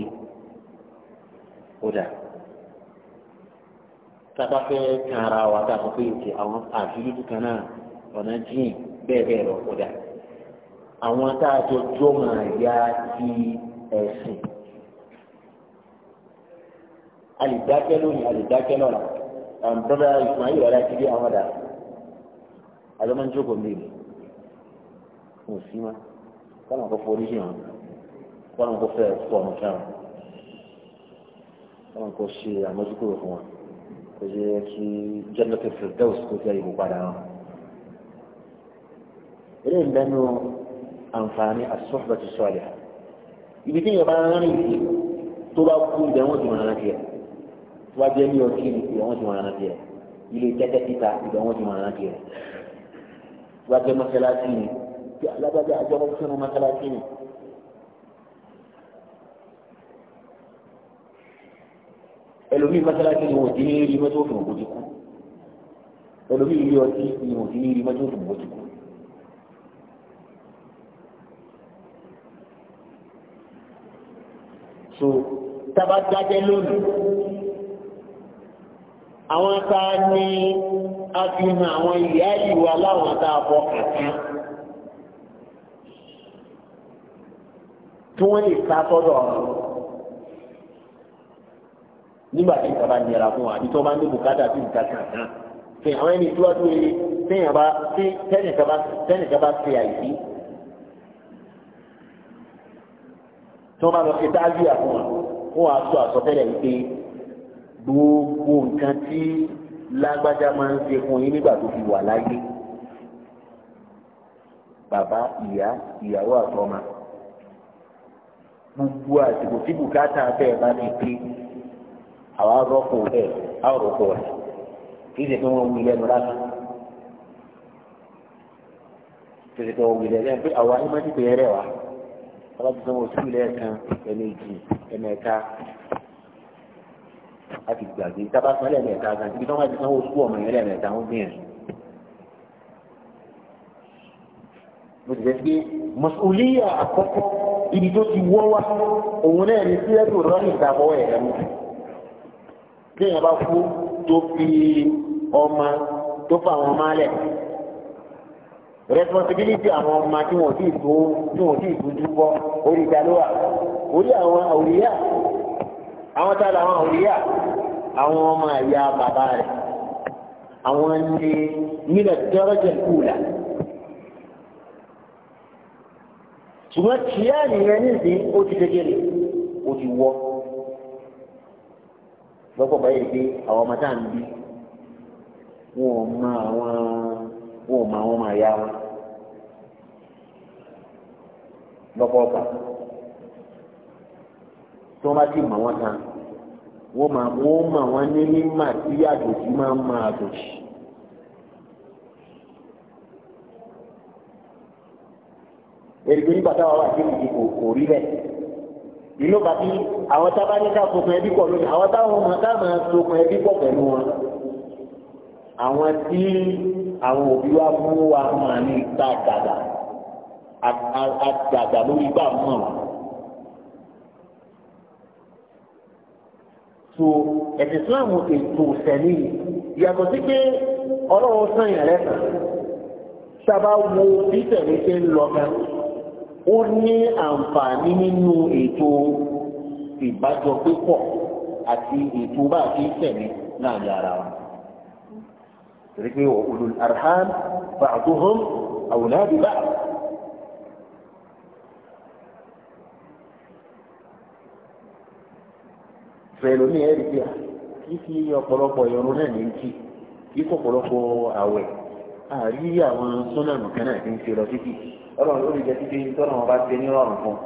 ó dáa tábà fẹ́ kan ara wa tá a sọ pé òkè àwọn àdúrú kan náà ọ̀nà jìn bẹ́ẹ̀ bẹ́ẹ̀ lọ kódà àwọn tá a jọ jọ um, máa yá di ẹ̀sìn alìdákẹ́ lónìí alìdákẹ́ lọ́la àǹtọ́lá ìsmáyé wà láti dé àwọn dà alọ́mọ́njókòó mìíràn kò sí ma kọ́nà kó forí hàn kọ́nà kó fẹ́ fọ́ ọ̀nà kan kọ́nà kó ṣe àmójúkúrò fún wa kò yẹ kí Jannatul Firdaus kò tẹ ìwò padà hàn. eré ìdánù àǹfààní as-suhbatu salihah ibi tí ìyẹn bá rìn sí tó bá kú ibẹ̀ wọ́n ti mọ̀nà tiẹ̀ tó bá jẹ́ ní ọtí ibẹ̀ wọ́n ti mọ̀nà tiẹ̀ ilé tẹ́tẹ́ títa ibẹ̀ wọ́n ti mọ̀nà tiẹ̀ tó bá jẹ́ mọ́sálásí ni alábàjá àjọ ẹlòmíì mọ́sálásí ni wọ́n ti ní rí mọ́tò òfin òkú ti kú ẹlòmíì ilé ọtí ni wọ́n ti ní rí mọ́tò òfin òkú kú. so tába lónìí àwọn ta ni a fi hàn àwọn ìyá ìwà láwọn tá a fọ tí wọ́n lè sá sọ́dọ̀ ọ̀run nígbà tí nǹkan bá nira fún wa àbí tó bá ní bùkátà sí nǹkan kan kan fi àwọn ẹni tíwájú rere téèyàn bá tí tẹ́nìkan bá fi àìsí tó bá lọ fi dájú àfún wa wọn á sọ àsọtẹ́lẹ̀ wípé gbogbo nǹkan tí lágbájá máa ń ṣe fún yín nígbà tó fi wà láyé bàbá ìyá ìyàwó àtọmọ gbogbo àsìkò tí bùkátà bẹ́ẹ̀ bá ti pé àwa rọ́pò rẹ̀ a ò rọ́pò rẹ̀ kì í ṣe pé wọ́n wí lẹ́nu rárá kì í ṣe pé wọ́n wí lẹ́nu pé àwa ni mọ́tò pé rẹ̀ wá ọba tó sanwó sí ilé ẹ̀kan ẹ̀mẹ̀jì ẹ̀mẹ̀ka a ti gbàgbé tábà san lẹ́ẹ̀mẹ̀ka gan ibi tí wọ́n bá ti sanwó sùkú ọmọ yẹn lẹ́ẹ̀mẹ̀ta wọ́n gbìyànjú. mo ti fẹ́ pé mọ̀sùlùmí àkọ́kọ́ ibi tó ti wọ́ wá òun náà ní sílẹ̀ tó rọ́ọ̀nì ìgbàgbọ́ ẹ̀ ẹ̀mú téèyàn bá kú tó fi ọmọ tó fa àwọn ọmọ alẹ̀ responsibility àwọn ọmọ tí wọn ò tíì tó tí wọn ò tíì tójú bọ orí ìdálówà orí àwọn àwòrìyà àwọn tá a lọ àwọn àwòrìyà àwọn ọmọ àyà bàbá rẹ̀ àwọn ẹni nílẹ̀ dọ́rọ́jẹ̀ kúùlà. ṣùgbọ́n tíyà nìyẹn nísìnyí ó ti dégé ni ó ti wọ́ lọ́pọ̀ báyìí pé àwọn ọmọ tá à ń bí wọn ò mọ àwọn wọn ò mọ àwọn ọmọ àyà wọn lọ́pọ̀ ọ̀pá tí wọ́n bá ti mọ̀ wọ́n tán wọ́n máa wọ́n mọ̀ wọ́n ní mímà tí àjòjì máa ń máa àjòjì. èrìgbè nígbà táwọn wà sí ìdìbò kò rí bẹ́ẹ̀ ìlú bàbí àwọn tábà ní ká fòpin ẹbí pọ̀ lónìí àwọn táwọn ọmọ táwọn fòpin ẹbí pọ̀ pẹ̀lú wọn àwọn tí àwọn òbí wa mú wa máa ní ìta àgàgà àgàgà lórí ìgbà mọ̀ wọn. so ẹ̀sìn islam ètò ìsẹ̀lẹ̀ yìí yàtọ̀ sí pé ọlọ́run sàn yàn lẹ́sàn-án sábà wo bí tẹ̀lé ṣe ń lọ gan ó ní àǹfààní nínú ètò ìbájọpépọ̀ àti ètò bá a ti ń tẹ̀lé láàrin ara wọn. torí pé wọ́n ulul arham ba'duhum awla bi ba'd. fẹ̀lú ní ẹ̀rí pé kí fi ọ̀pọ̀lọpọ̀ ìrun náà ní kí kí kọ̀pọ̀lọpọ̀ àwẹ̀ àrí àwọn súnàmù kan náà ti ń ṣe lọ títì ọlọ́run ó lè jẹ́ títí tọ́nà wọn bá ṣe ní ọ̀rùn fún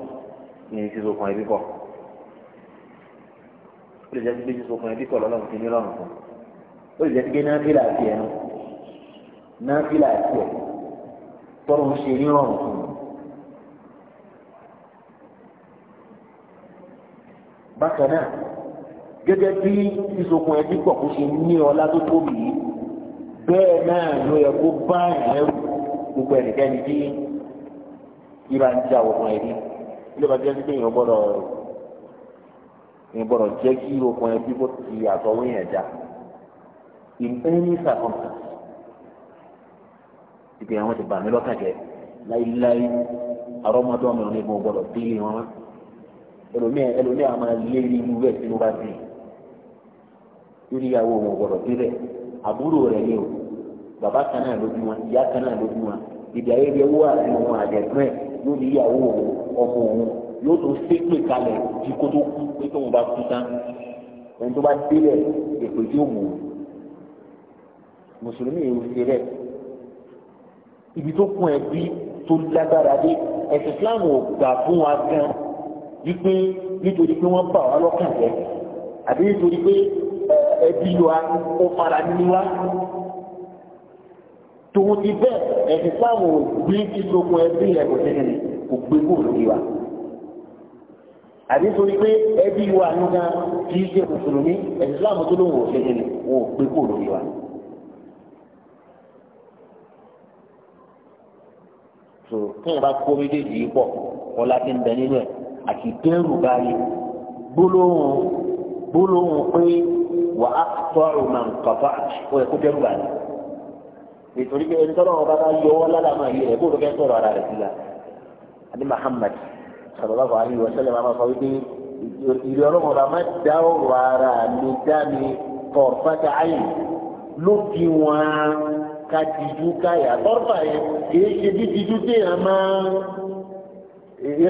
ní sísokùn ẹbí kọ̀ ó lè jẹ́ títí sísokùn ẹbí kọ̀ lọ́lọ́run ṣe ní ọ̀rùn fún ó lè jẹ́ títí náfìlà àti ẹnu náfìlà àti ẹ̀ tọ́nà ń ṣe ní ọ̀rùn fún bákan náà gẹ́gẹ́ bí sísokùn ẹbí kọ̀ kó ṣe ní ọlá tó tóbi yìí bẹ́ẹ̀ náà ló yẹ kó bá ẹ̀rù gbogbo ẹnikẹ́ni tí ìbá ń jà wọ̀ fún ẹbí ilé bá jẹ́ pé èèyàn gbọ́dọ̀ èèyàn gbọ́dọ̀ jẹ́ kí okùn ẹbí kó ti àtọwé yẹn já in any circumstance ibi àwọn ti bà mí lọ́kàn jẹ́ láíláí àrọ́mọdé ọmọ ìrìn ìbò gbọ́dọ̀ bí ilé wọn ẹlòmíà ẹlòmíà máa lé ní irú ẹ̀ tí mo bá dì í lórí ìyàwó òun àbúrò rẹ̀ ni o bàbá kan náà lójú wọn ìyá kan náà lójú wọn ìdí ayé rẹ wà ní òun àjẹgbọn ẹ lórí ìyàwó òun ọmọ òun yóò tó ṣépè kalẹ̀ ju kó tó kú pé tóun bá kú tán ẹni tó bá délẹ̀ èpè tí ó wù ú mùsùlùmí yìí ṣe rẹ ibi tó kún ẹbí tó lágbára dé ẹ̀sìn Islam ò gbà fún wa gan wípé nítorí pé wọ́n bà wá lọ́kàn jẹ́ àbí nítorí pé ẹbí wa ó fara ní wa tòun ti bẹ́ẹ̀ ẹ̀sìn sáwọn ògbé ìlókun ẹbí rẹ̀ kò sí nìyí kò gbé kò lórí wa. àbí torí pé ẹbí wa nígbà kì í ṣe mùsùlùmí ẹ̀sìn sáwọn tó lóun ò ṣe nìyí wọn ò gbé kò lórí wa. tó kéèyàn bá kó méjèèjì yìí pọ̀ wọn láti ń bẹ nínú ẹ̀ àti dẹ́rù báyìí gbólóhùn gbólóhùn pé wàá tọrọ màǹkàfà ó dẹ́rù báyìí nítorí pé ẹni tọ́lọ́wọ́ bá bá yọ wọ́n lára máa yẹ ẹ̀kọ́ òdòkẹ́ sọ̀rọ̀ ara rẹ̀ síla àbí Muhammad sallallahu alaihi wa sallam máa sọ wípé ìrì ọlọ́wọ́ bá máa dá ọ̀rọ̀ ara mi dá mi tọ̀rọ̀fáta ayé lóbi wọn ká tìjú káyà tọ́rọ̀fà yẹn kìí ṣe bí tìjú téèyàn máa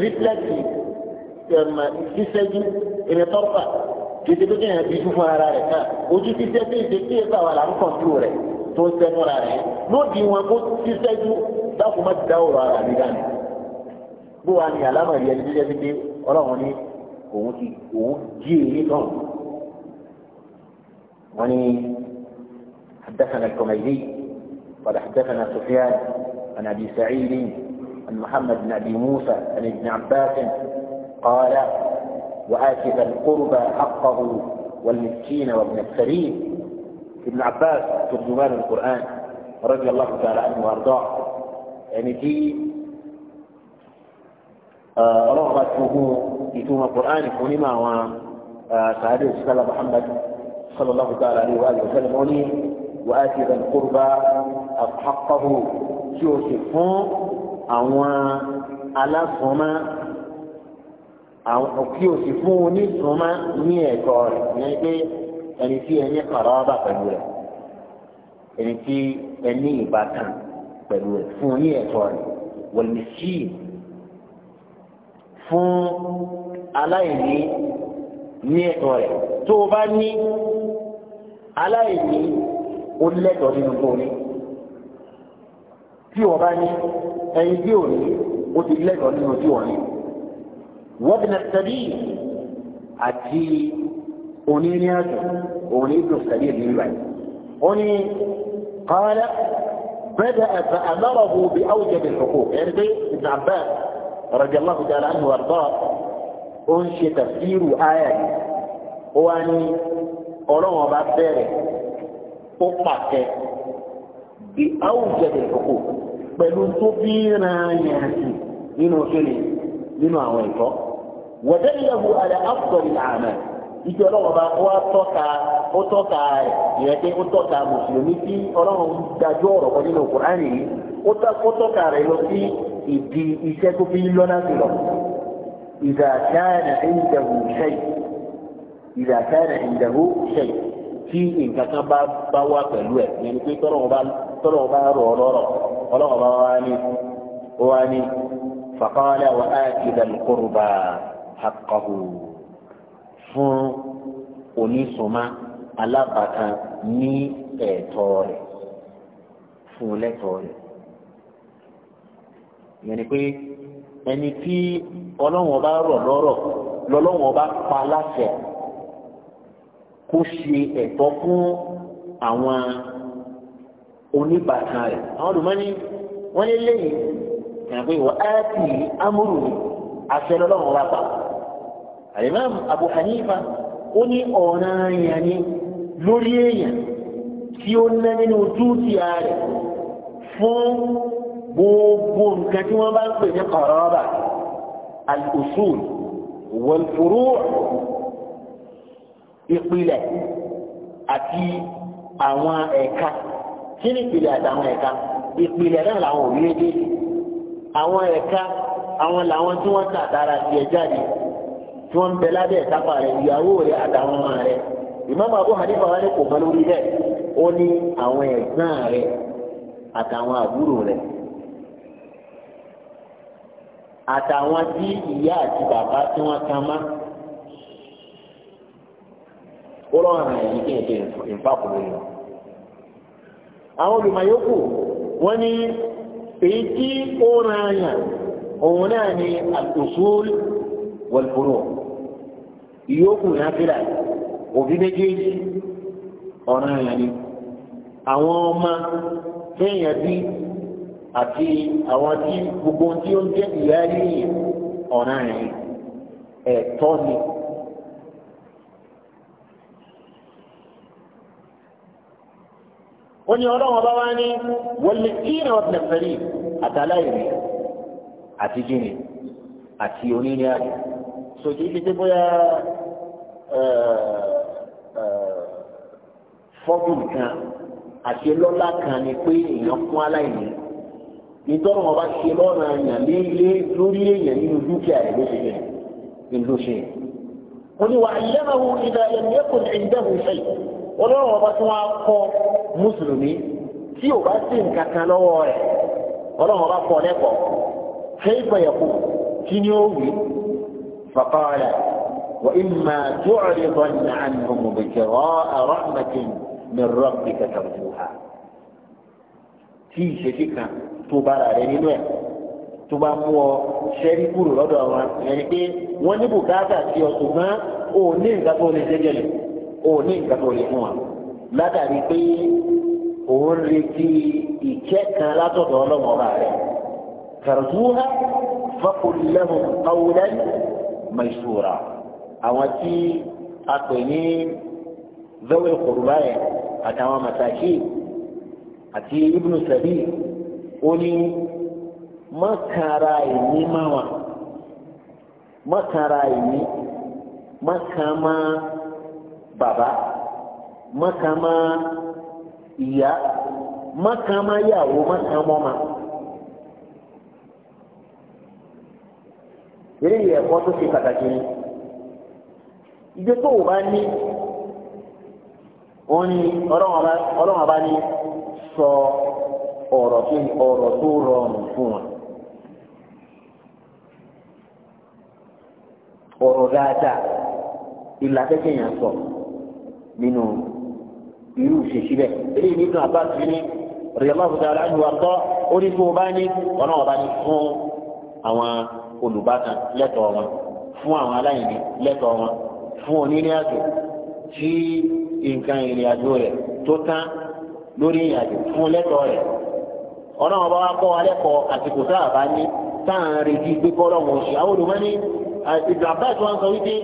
ríflẹ́tì ṣíṣẹ́jú ìrìn tọ́rọ̀fà kìí ṣe bí téèyàn tìjú fún ara rẹ̀ ká ojú tó ń sẹ́fúnra rẹ̀ di wọn kó ti sísẹ́jú dákun má ti dá ọ̀rọ̀ ara mi dání. bó wa ni alámọ̀rí ẹni tó jẹ́ pé ọlọ́run ní òun ti òun jí èyí náà. wọ́n ní حدثنا الكميلي قال حدثنا سفيان عن ابي سعيد عن محمد بن ابي موسى عن ابن عباس قال وآتف القربى حقه والمسكين وابن السبيل ابن عباس ترجمان القرآن رضي الله تعالى عنه وأرضاه يعني في آه، رغبته في ثم القرآن كونما و آه، سعادة محمد صلى الله تعالى عليه وآله وسلم وني وآتي ذا القربى حقه يوسف أو على صمى أو يوسف نصمى نيكور يعني ẹni tí ẹni kàrọ́bà pẹ̀lú rẹ̀ ẹni tí ẹni ìbátan pẹ̀lú rẹ̀ fún ní ẹ̀tọ́ rẹ̀ wọ̀lùsí fún aláìní ní ẹ̀tọ́ rẹ̀ tó o bá ní aláìní ó lẹ́tọ̀ọ́ nínú tó ní tí o bá ní ẹni tí ò ní ó ti lẹ́tọ̀ọ́ nínú tí ò ní wọ́n ti nà sẹ́bí àti. قوني نياته قوني السبيل للبعض قوني قال بدأ فأمره بأوجب الحقوق يعني ابن عباس رضي الله تعالى عنه وارضاه أنشي تفسير آية واني قلوه بأبداله أمك بأوجب الحقوق بل انتبينا ياتي منه شنين منه عويته ودله على أفضل الأعمال ìjọ ọlọ́wọ́ bá wá tọ́ka ó tọ́ka ìyẹn pé ó tọ́ka mùsùlùmí tí ọlọ́run dájú ọ̀rọ̀ kan nínú kùránì yìí ó tọ́ka rẹ̀ lọ sí ìdí iṣẹ́ tó fi lọ́nà sí lọ. ìdà káàdà ìdàgbò ṣẹ́yì ìdà káàdà ìdàgbò ṣẹ́yì tí nǹkan kan bá bá pẹ̀lú ẹ̀ ìyẹn ni pé tọ́lọ́wọ́ bá rọ̀ ọ́ lọ́rọ̀ ọlọ́wọ́ bá wá ní wá ní fàkọ́lẹ̀ wà á fún onísùnmá alábàkan ní ẹ̀tọ́ rẹ̀ fún lẹ́tọ̀ọ́ rẹ̀ ìyẹn ni pé ẹni tí ọlọ́wọ́n bá rọ̀ lọ́rọ̀ lọ́lọ́wọ́n bá pa láṣẹ kó ṣe ẹ̀tọ́ fún àwọn oníbàkan rẹ̀ àwọn olùmọ́ni wọ́n lé lẹ́yìn ìyẹn pé wọ́n á ti amúrù àṣẹ lọ́lọ́wọ́n bá pa. Al-Imam Abu Hanifa ó ní ọ̀ranyàn ni lórí èèyàn tí ó ná nínú dúkìá rẹ̀ fún gbogbo nǹkan tí wọ́n bá ń pè ní qaraba al-usul wal-furu' ìpìlẹ̀ àti àwọn ẹ̀ka kí ni ìpìlẹ̀ àtàwọn ẹ̀ka ìpìlẹ̀ náà làwọn òbí lédè àwọn ẹ̀ka àwọn làwọn tí wọ́n tà dára sí ẹ jáde tí wọ́n ń bẹ lábẹ́ ìkápá rẹ̀ ìyàwó rẹ̀ àtàwọn ọmọ rẹ̀ ìmọ̀mọ̀ Abu Hanifa wa ni kò mọ lórí bẹ́ẹ̀ ó ní àwọn ẹ̀gbọ́n rẹ̀ àtàwọn àbúrò rẹ̀ àtàwọn tí ìyá àti bàbá tí wọ́n kan má ó rọrùn ẹ̀yìn kí n ṣe ìfàkùrù yìí àwọn olùmọ̀yókù wọ́n ní èyí tí ó ràn yàn òun náà ni al-usul wal-furu' ìyókù nàfílà òbí méjèèjì ọ̀ràn àyàn ni àwọn ọmọ fẹ́yàn bí àti àwọn tí gbogbo tí ó ń jẹ́ ìyá yìí ọ̀ràn àyàn ẹ̀tọ́ ni. ó ní ọlọ́wọ́n bá wá ní wọlé tí ìrìn ọ̀dùn ẹ̀fẹ̀rí àtàláìrí àti gíní àti onírin àjò sòdì ibi tí bóyá fọ́bù kan àti lọ́lá kan ni pé èèyàn fún aláìní nítorí wọn bá ṣe lọ́nà èèyàn lé lórí èèyàn nínú dúkìá rẹ̀ ló ṣe yẹ ló ṣe yẹ. wọ́n ní wàá yẹ́nàwó ìdá ẹ̀mí ẹ̀kọ́ ní ìdẹ́hùn ṣẹ́yìn ọlọ́run ọba tí wọ́n á mùsùlùmí tí ò bá sí nǹkan kan lọ́wọ́ rẹ̀ ọlọ́run ọba kọ́ lẹ́kọ̀ọ́ ṣé ìfọ̀yẹ̀kù kí ni ó wí فقال وإما تعرضن عنهم ابتغاء رحمة من ربك ترجوها في شركة تبارا لنوع tó bá mú ọ ṣẹ́rí kúrò lọ́dọ̀ wọn ẹni pé wọ́n ní bùkátà sí ọ ṣùgbọ́n ò ní nǹkan tó lè ṣẹ́jẹ̀lẹ̀ ò ní nǹkan tó lè fún wa látàrí pé òun retí ìkẹ́ látọ̀dọ̀ ọlọ́mọba rẹ̀ kàrùtù ha fọkùnlẹ́hùn àwùjá mẹ́ṣúra àwọn tí a pè ní zawil kurba yẹn àtàwọn masaki àti ibnu sabi ó ní mọ́kàrà ìní máwà mọ́kàrà ìní mọ́kàmá bàbá mọ́kàmá ìyá mọ́kàmá yàwó mọ́kàmá ọmọ. eléyìí ẹ̀kọ́ tó ṣe pàtàkì ni ìjọ tó o bá ní òun ni ọlọ́wọ́n bá ní sọ ọ̀rọ̀ tó ọ̀rọ̀ tó rọrùn fún wọn. ọ̀rọ̀ dáadáa ìlà tẹ́tẹ́ yẹn sọ nínú irú ìṣèṣì bẹ́ẹ̀ eléyìí nínú àbáṣe ní rìyàlọ́ọ̀fù dáadáa ní wàá tọ́ orí tó o bá ní ọlọ́wọ́n bá ní fún àwọn olùbátan lẹ́tọ̀ọ́ wọn fún àwọn aláìní lẹ́tọ̀ọ́ wọn fún onírìn àjò tí nǹkan ìrìn àjò rẹ̀ tó tán lórí ìrìn àjò fún lẹ́tọ̀ọ́ rẹ̀ ọlọ́run ọba wa kọ́ wa lẹ́kọ̀ọ́ àsìkò tá a bá ní tá retí pé kọ́ ọlọ́run oṣù àwọn olùmọ́ ní ìgbàgbọ́ àti wọn sọ wípé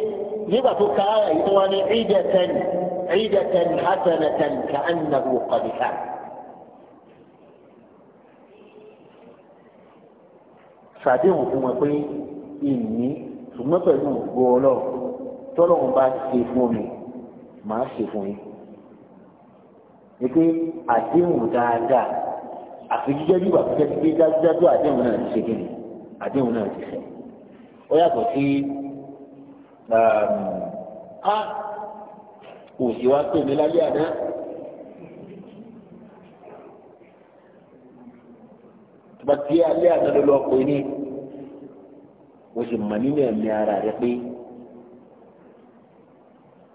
nígbà tó ká èyí tó wá ní ìdẹ̀tẹ̀n ìdẹ̀tẹ̀n hasanatan ka'annahu qad kana ṣàdéhùn fún wọn pé ìní ṣùgbọ́n pẹ̀lú ògbó ọlọ́ọ̀ tọ́lọ́hún bá ṣe fún mi màá ṣe fún yín. ni pé àdéhùn dáadáa àfi jíjẹ́ bí wàá fi jẹ́ dájúdájú àdéhùn náà ti ṣe kí ni àdéhùn náà ti ṣe. ó yàtọ̀ sí a um, kò sí wá pè mí lálẹ́ àná. bàtí alẹ́ àná ló lọ pè ní o sì mọ̀ nínú ẹ̀mí ara rẹ pé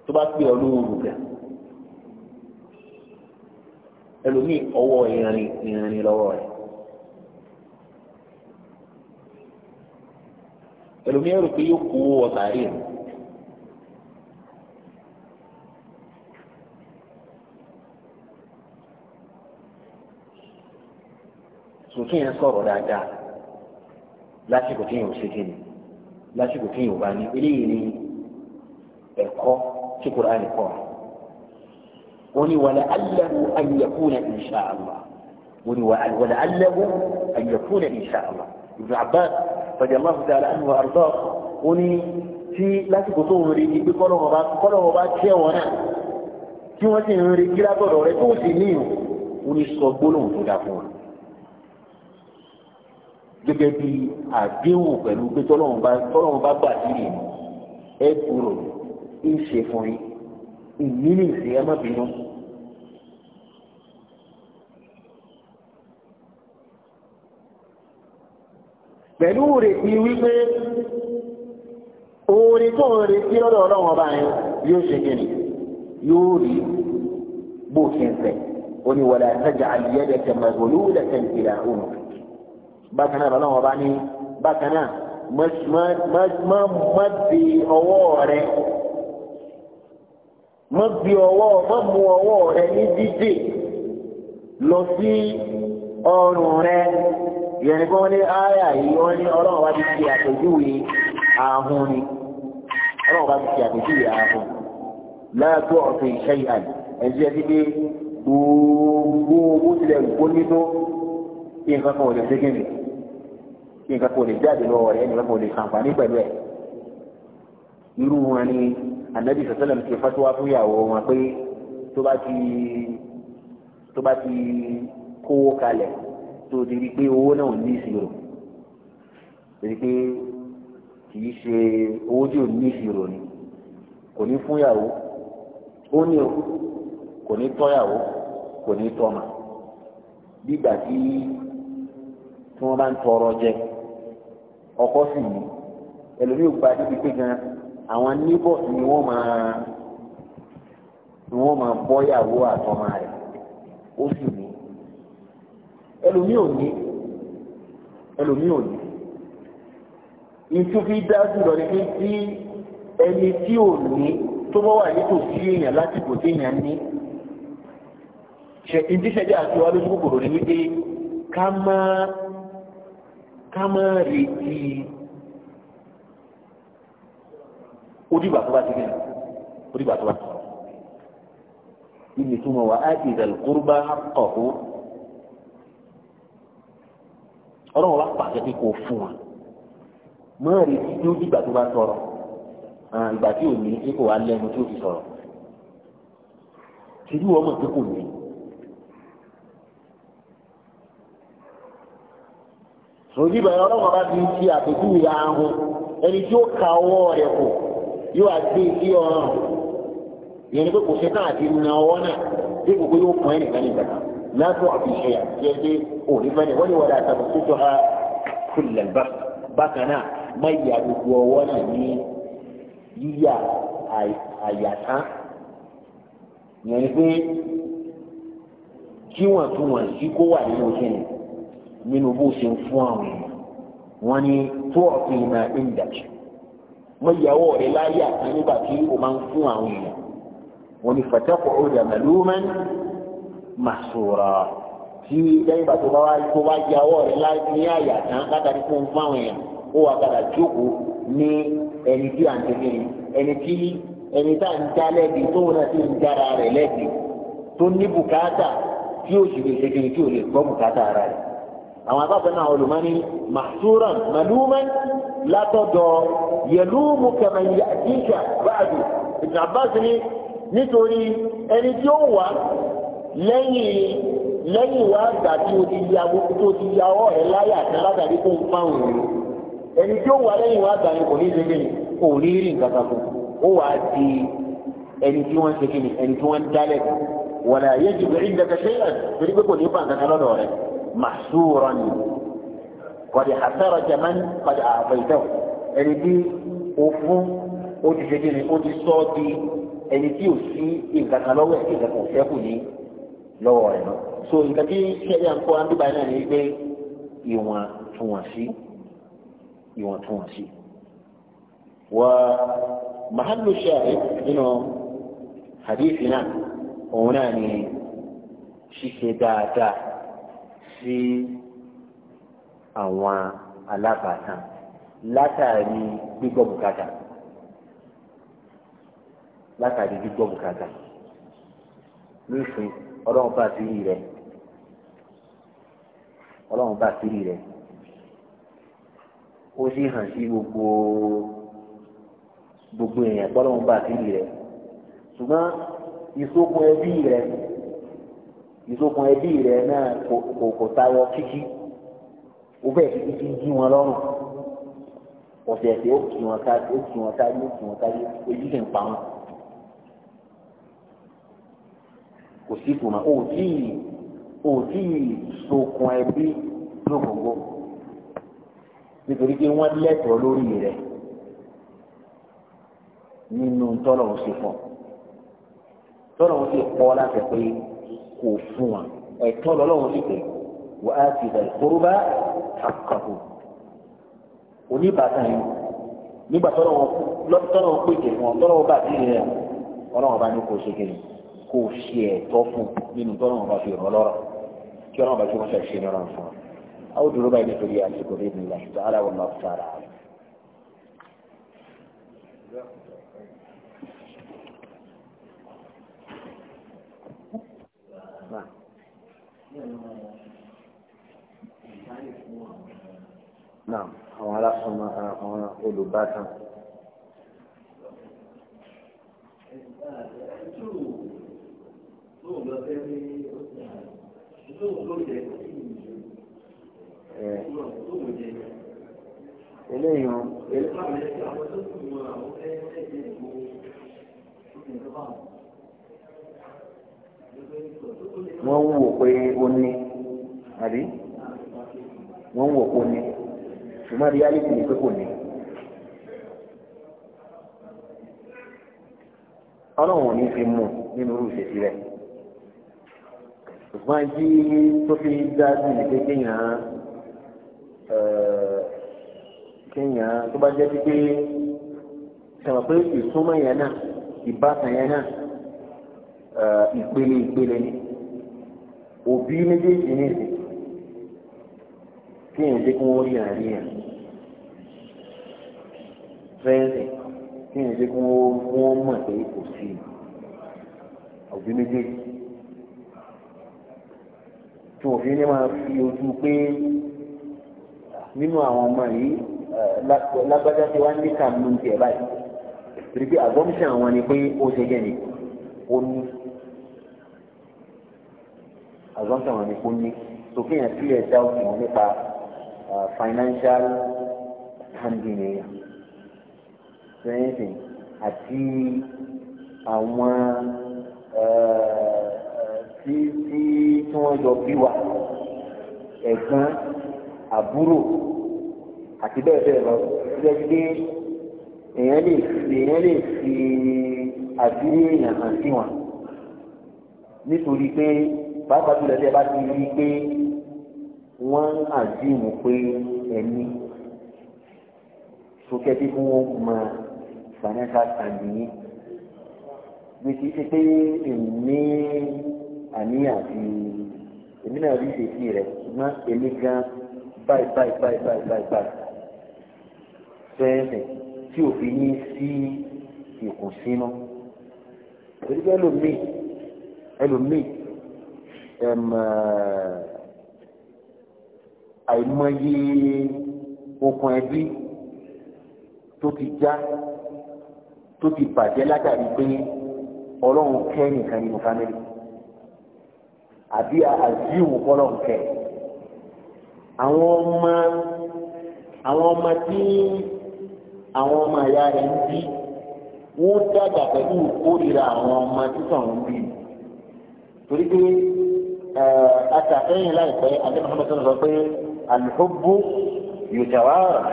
tó bá pè ọ lóoru gà ẹlòmíì ọwọ́ ìrìn ìrìn lọ́wọ́ rẹ ẹlòmíì ẹrù pé yóò kó ọ̀tá rí rẹ. sòkè yẹn sọ̀rọ̀ dáadáa lásìkò tí yẹn ò ṣe kí ni lásìkò tí yorùbá ní eléyìí ni ẹ̀kọ́ tí kúránì kọ́ wọ́n ní wàlẹ̀ alẹ́hu ayẹ̀kúnà insha Allah wọ́n ní wàlẹ̀ alẹ́hu ayẹ̀kúnà insha Allah ibn abbas radiyallahu ta'ala anhu wa arda wọ́n ní tí lásìkò tó ń retí pé kọ́lọ́wọ́ bá tiẹ̀ wọn náà tí wọ́n sì ń retí lágbọ̀dọ̀ rẹ tó sì níyàn wọ́n ní sọ gbólóhùn tó dáa fún wọn gẹ́gẹ́ bí àdéhùn pẹ̀lú pé tọ́lọ́run bá tọ́lọ́run bá gbà sí yìí ẹ kúrò ń ṣe fún yín ìmílì sí ẹ má bínú. pẹ̀lú ìrètí wípé oore tó ń retí lọ́dọ̀ ọlọ́run ọba yẹn yóò ṣe kiri yóò rí bó ṣe ń fẹ́ oníwàlá àtàjà àlùyẹ́dẹ̀ tẹ̀mọ̀gbọ̀lú lẹ́tẹ̀ǹtì làwọn bákan náà lọ́wọ́ ọba ní bákan náà má bí ọwọ́ rẹ má bí ọwọ́ má mú ọwọ́ rẹ ní dídè lọ sí ọrùn rẹ yẹn kí wọ́n ní ááyà yìí wọ́n ní ọlọ́run wá ti ṣe àpèjúwe ahun ni ọlọ́run bá ti ṣe àpèjúwe ahun láàtọ̀ ọ̀sẹ̀ ìṣẹ́yìn àyè ẹ̀jẹ̀ ti dé
gbogbo owó tilẹ̀ gbóni
tó kí nǹkan kan ò lè ṣégin mi kí nǹkan kan ò lè jáde lọ́wọ́ rẹ̀ ẹnì kan kan ò lè ṣàǹfààní pẹ̀lú ẹ̀ irú wọn ni ànábì sọ̀tẹ́lẹ̀ ti fatuwa fún ìyàwó wọn pé tó bá ti tó bá ti kówó kalẹ̀ tó ti rí pé owó náà ní ìṣirò torí pé kì í ṣe owó tí ò ní ìṣirò ni kò ní fún ìyàwó ó ní o kò ní tọ́yàwó kò ní tọ́mà bí ìgbà tí tí wọ́n bá ń tọrọ jẹ ọkọ sì ní ẹlòmíì gba débi pé gan àwọn níbọ̀ ni wọ́n máa ni wọ́n máa bọ́yàwó àtọmọ rẹ̀ ó sì ní ẹlòmíì ò ní ẹlòmíì ò ní ìtúfi dá jùlọ ní pé tí ẹni tí ò ní tó bá wà nítòsí èèyàn láti kò téèyàn ní ṣe ìdíṣẹ́jẹ́ àti wàlúùsù kòkòrò ní wípé ká máa ká má retí onígbà tó bá ti gbẹ onígbà tó bá ti sọ̀rọ̀ ìní túmọ̀ wá áàtì ìdàlùkúrúbá kọ̀ọ̀kú ọlọ́run wá pàṣẹ pé kò fún wa má retí tí ó dìgbà tó bá sọ̀rọ̀ ìgbà tí ò ní kí kò wá lẹ́nu tí ó fi sọ̀rọ̀ tìlú ọmọ òjì bẹ̀rẹ̀ ọlọ́wọ́n bá ti ń fi àpèjúwe ahun ẹni tí ó ka ọwọ́ rẹ̀ kù yóò wá gbé sí ọrùn ìyẹn ni pé kò ṣe náà àti na ọwọ́ náà bí gbogbo yóò pọ̀ ẹnìkan nìkan látọ̀ àfihàn àti ẹgbẹ́ ònífẹ́ ni wọ́n ní wọ́n tó ha kùlẹ̀ bákan náà má yà gbogbo ọwọ́ náà ní yíyà àyàtá ìyẹn pé kí wọ́n tún wọ́n sí kó wà nínú kíni nínú bó ṣe ń fún àwọn èèyàn wọn ni tó ọ̀sìn ìmọ̀ ìdàjì mo yàwó rẹ láyà nígbà tí o máa ń fún àwọn èèyàn wọn ni fàtẹ́kọ̀ ọ̀dà màlúmẹ́n màṣúra tí lẹ́yìn bàtò bá wá tó bá yàwó rẹ láyà ní àyà tán látàrí fún fáwọn èèyàn ó wà padà jókòó ní ẹni tí à ń tẹ̀lé ẹni tí ẹni tá à ń já lẹ́bi tó wọn àti ń jára rẹ̀ lẹ́bi tó ní bùkátà tí ò àwọn abáfẹ́ náà olùmọ́ni mahsuran maluman látọ̀dọ̀ yẹlúmu kẹmẹ̀yà kíkà báàdù Ibn Abbas ni nítorí ẹni tí ó wà lẹ́yìn lẹ́yìn wá gbà tí o ti ya tó ti ya ọ́ ẹ̀ láyà àti aládàbí kó ń fáwọn òun ẹni tí ó wà lẹ́yìn wá gbà yẹn kò ní ṣe kíni kò ní rí nǹkan kan fún ó wà á di ẹni tí wọ́n ṣe kíni ẹni tí wọ́n dálẹ̀ wọ̀lẹ̀ àyè jù bẹ́ẹ̀ ń mahsúrọ̀ ni kọ̀dì àtẹ́rọ̀ jẹ̀mán kọ̀dì àbẹ̀ ìdáwò ẹni bí òfun ó ti ṣe kíni ó ti sọ di ẹni tí ò sí nǹkan kan lọ́wọ́ ẹ̀ kí nǹkan kan ò ṣẹ́kù ní lọ́wọ́ rẹ̀ náà so nǹkan tí ṣẹ́yà à ń kọ́ àdúgbò náà ni pé ìwọ̀n túnwọ̀nsí ìwọ̀n túnwọ̀nsí. wà mahallu ṣáàrẹ̀ nínú hadith náà òun náà ni ṣíṣe dáadáa sí àwọn alábàtàn látàrí gbígbọ́ bùkátà látàrí gbígbọ́ bùkátà nífin ọlọ́run bá sí rẹ̀ ọlọ́run bá sí rẹ̀ ó sì hàn sí gbogbo gbogbo èèyàn gbọ́dọ̀ ń bá sí rẹ̀ ṣùgbọ́n ìsókun ẹbí rẹ̀ ìsopọ̀ ẹbí rẹ náà kò kò tayọ kíkí ó bẹ́ẹ̀ kíkí ti ń dí wọn lọ́rùn ọ̀sẹ̀ẹ̀sẹ̀ ó kì wọn ká ó kì wọn káyé ó kì wọn káyé ojú sì ń pa wọn. kò sí ìtumọ̀ ó tí ì ó tí ì sokun ẹbí lókòókò nítorí pé wọ́n lẹ́tọ̀ọ́ lórí rẹ̀ nínú tọ́lọ̀ ń ṣe fún tọ́lọ̀ ń ṣe pọ́ láti pé kò fún wa ẹ̀tọ́ lọ́lọ́run sì pé wà á ti dà ìkóróbá àkàkù oníbàtà yìí nígbà tọ́lọ́wọ́ pè jẹ́ wọn tọ́lọ́wọ́ bá ti rẹ̀ ọlọ́wọ́ bá ní kò ṣe kiri kò ṣe ẹ̀tọ́ fún nínú tọ́lọ́wọ́ bá fi ràn lọ́rọ̀ kí ọlọ́wọ́ bá ti wọ́n ṣe ṣe lọ́rọ̀ fún wa. a ó báyìí nítorí àsìkò rẹ̀ nílá ṣùgbọ́n aláwọ̀ náà sára rẹ̀. náà àwọn aláṣọmọ àwọn olùbátan. Eh, eléyìí eléyìí wọ́n ń wò pé ó ní àbí wọ́n ń wò pé ó ní ṣùgbọ́n reality ni pé kò ní. ọlọ́run ò ní fi mú nínú irú ìṣèṣì rẹ̀ ṣùgbọ́n jí tó fi dájú ní pé kéèyàn eh, kéèyàn tó bá jẹ́ pé sọ̀rọ̀ pé ìsúnmọ́ yẹn náà ìbátan yẹn náà ìpele ìpele ni òbí méjèèjì ní ìsìn kí èèyàn dé kí wọ́n rí àárín yàn fẹ́ẹ̀sì kí èèyàn dé kí wọ́n mọ̀ pé kò sí òbí méjèèjì tí wọ́n fi ní máa fi ojú pé nínú àwọn ọmọ yìí lágbájá tí wọ́n ní kàmú tiẹ̀ báyìí torí pé àgọ́mṣẹ́ àwọn ni pé ó ṣe gẹ́ni ó ní assumption wọn ni kò ní so kéèyàn clear doubt wọn nípa uh, financial handling èèyàn sẹ́yìn ati, àwọn uh, tí tí tí wọ́n yọ bí wa ẹ̀gbọ́n àbúrò àti bẹ́ẹ̀ bẹ́ẹ̀ lọ síbẹ̀ sí pé èèyàn lè èèyàn lè fi àdúrà èèyàn hàn sí wọn nítorí pé pàápàá jùlọ tí ẹ bá ti rí i pé wọ́n ń àdìmù pé ẹni sókè tí wọ́n mọ financial standing yìí bí kì í ṣe pé èmi àníyàn àti èmi náà rí ìṣèṣì rẹ̀ ṣùgbọ́n èmi gan báyìí báyìí báyìí báyìí báyìí báyìí fẹ́ẹ̀mẹ̀ tí òfin ní sí ìkùnsínú. torí ẹlòmíì ẹlòmíì àìmọye okùn ẹbí tó ti já tó ti bàjẹ́ látàrí pé ọlọ́run kẹ́ nìkan nínú fámìlì àbí àzíwò kọ́lọ́run kẹ́ àwọn ọmọ àwọn ọmọ tí
àwọn ọmọ àyà rẹ̀ ń
bí wọ́n dàgbà pẹ̀lú ìkórìíra àwọn ọmọ títàn ń bí torí pé àtàkẹ́yìn láìpẹ́ àdébà Muhammad sọ̀rọ̀ sọ pé alhubbu yutawara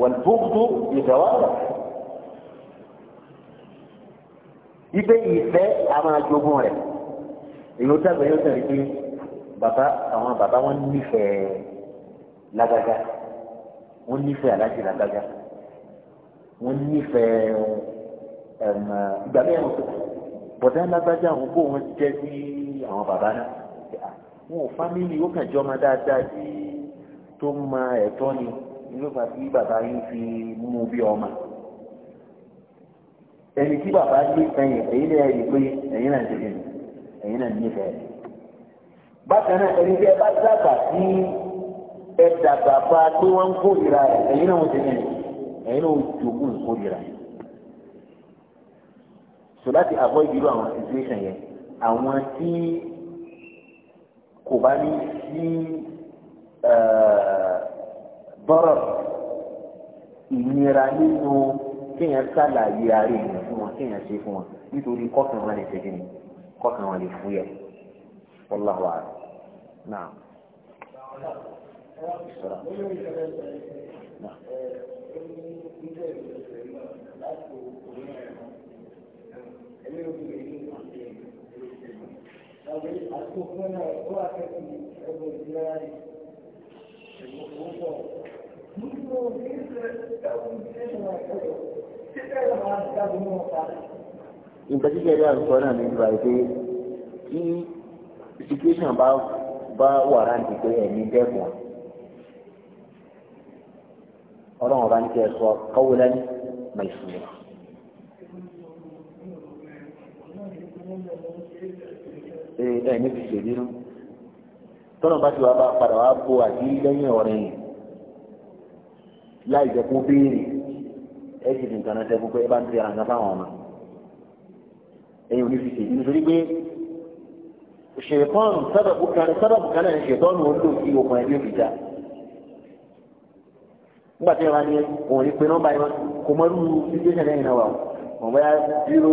walbugdu yutawara. ipe ìfẹ́ àwọn ajogun rẹ̀ ìlú tàbí yóò tẹ̀lé pé bàbá àwọn bàbá wọn nífẹ̀ẹ́ lágbájá wọn nífẹ̀ẹ́ aláṣẹ lágbájá wọn nífẹ̀ẹ́ ìgbà mẹ́rin bọ̀dá lágbájá òun kó wọn jẹ́ sí àwọn bàbá náà wọn ò fámìlì ó kàn jọ ọmọ dáadáa tí tó mọ ẹ̀tọ́ ni ló fà sí bàbá yín fi mú bí ọmọ ẹni tí bàbá yé ẹ̀yìn ẹ̀yìn náà yẹ pé ẹ̀yìn náà ti dìbò ẹ̀yìn náà nífẹ̀ẹ́ bákan náà ẹni tí ẹ bá dàgbà sí ẹ dàgbà bá pé wọn ń kórìíra ẹ̀yìn náà wọn ti dìbò ẹ̀yìn náà jogún ìkórìíra so láti avoid irú àwọn situation yẹn àwọn tí kò bá ní sí bọ́rọ̀ ìnira nínú kéèyàn sàlàyé ara èèyàn fún wọn kéèyàn ṣe fún wọn nítorí kọ́kàn wọn lè ṣẹ́gi ni kọ́kàn wọn lè fúyẹ́ ọláwà náà. Thank الكفر الكافر ابو الجلال منذ nǹkan tí jẹ́rìí àǹsọ́ náà ní ìgbà pé kí situation bá bá wàrà ní pé ẹ̀mí dẹ́kun ọlọ́run bá ń kí ẹ sọ kọ́wọ́lẹ́ni mẹ́sìlẹ̀. ẹ ní fìfè nínú tọ́nà bá ti wá bá padà wá bo lẹ́yìn ọ̀rẹ́ yìí láì jẹ́ kó béèrè ẹ sì fi nǹkan ránṣẹ́ ẹ bá ń tẹ àǹkan fáwọn ọmọ òní pé sábàbù kan sábàbù kan náà sí okùn ẹbí nígbà tí ní òun situation náà wà zero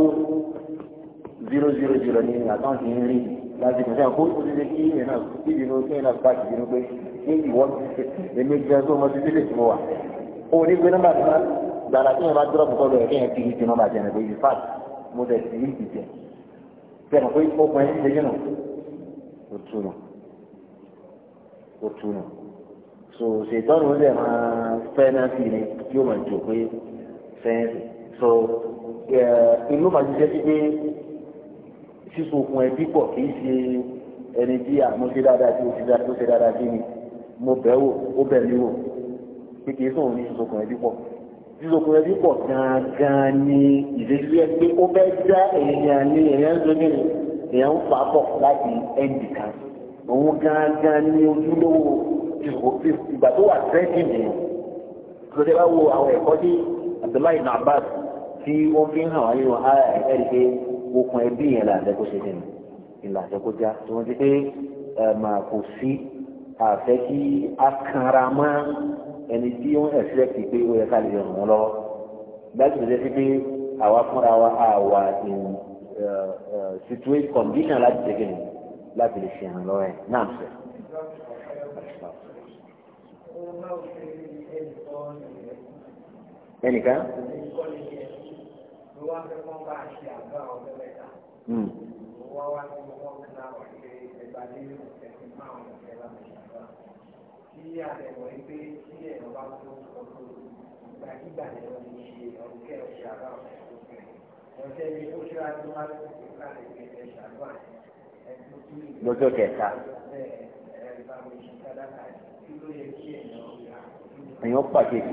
zero zero zero ní àkáǹtì rí láti kọjá kó o ti ṣe kí ìyẹn náà kí ìdìbò kí ìyẹn náà bá ti dìbò pé ní ìwọ ti ṣe èmi jẹ tó mo ti délé tí mo wà. o ní gbé nọ́mbà tí wọn gbàrà tí wọn bá dúró bùkọ́ lọ́yẹ̀ kéèyàn ti ti nọ́mbà jẹ nàgbé yìí fat mo tẹ̀ sí ìdí jẹ tẹnu pé ọkùnrin ti ṣe nù o tu nù o tu nù so ṣètọ́nù ó lẹ̀ máa fẹ́ náà sí ni yóò máa jò pé fẹ́ẹ́ so inú màá ti jẹ́ sí pé sísokùn ẹbí pọ̀ kì í ṣe ẹni tí mo ṣe dáadáa tí mo ṣe dáadáa tó ṣe dáadáa sí mi mo bẹ̀ wò ó bẹ̀ mí wò pé kì í sọ̀rọ̀ ní sísokùn ẹbí pọ̀ sísokùn ẹbí pọ̀ gangan ni ìdíjú ẹ pé ó bẹ́ já èèyàn ní èèyàn ń lókè èèyàn ń fà á pọ̀ láti ẹ̀ǹdì kan òun gangan ni ojúlówó ìgbà tó wà tẹ́ǹtì nìyẹn tó tẹ́ bá wo àwọn ẹ̀kọ́ tí Abdullahi Abbas tí wọ́n fi ń hàn wáyé wọn á ẹ̀rí okùn ẹbí yẹn là àjẹkó ṣe dènà ìlà àjẹkó já tí wọ́n ti pé mà kò sí àfẹ́ kí a kanra mọ́ ẹni tí ó ń ẹ̀sìrẹ́kì pé ó yẹ ká lè ràn wọ́n lọ́wọ́ gbájú tó jẹ́ sí pé àwa fúnra wa àwa in situate condition láti ṣe kí láti lè ṣe ìrànlọ́wọ́ ẹ̀ náà sẹ́. ẹnìkan. Hmm. ló lọ́jọ́ kẹta èèyàn pàkíyèsí rẹ̀ ni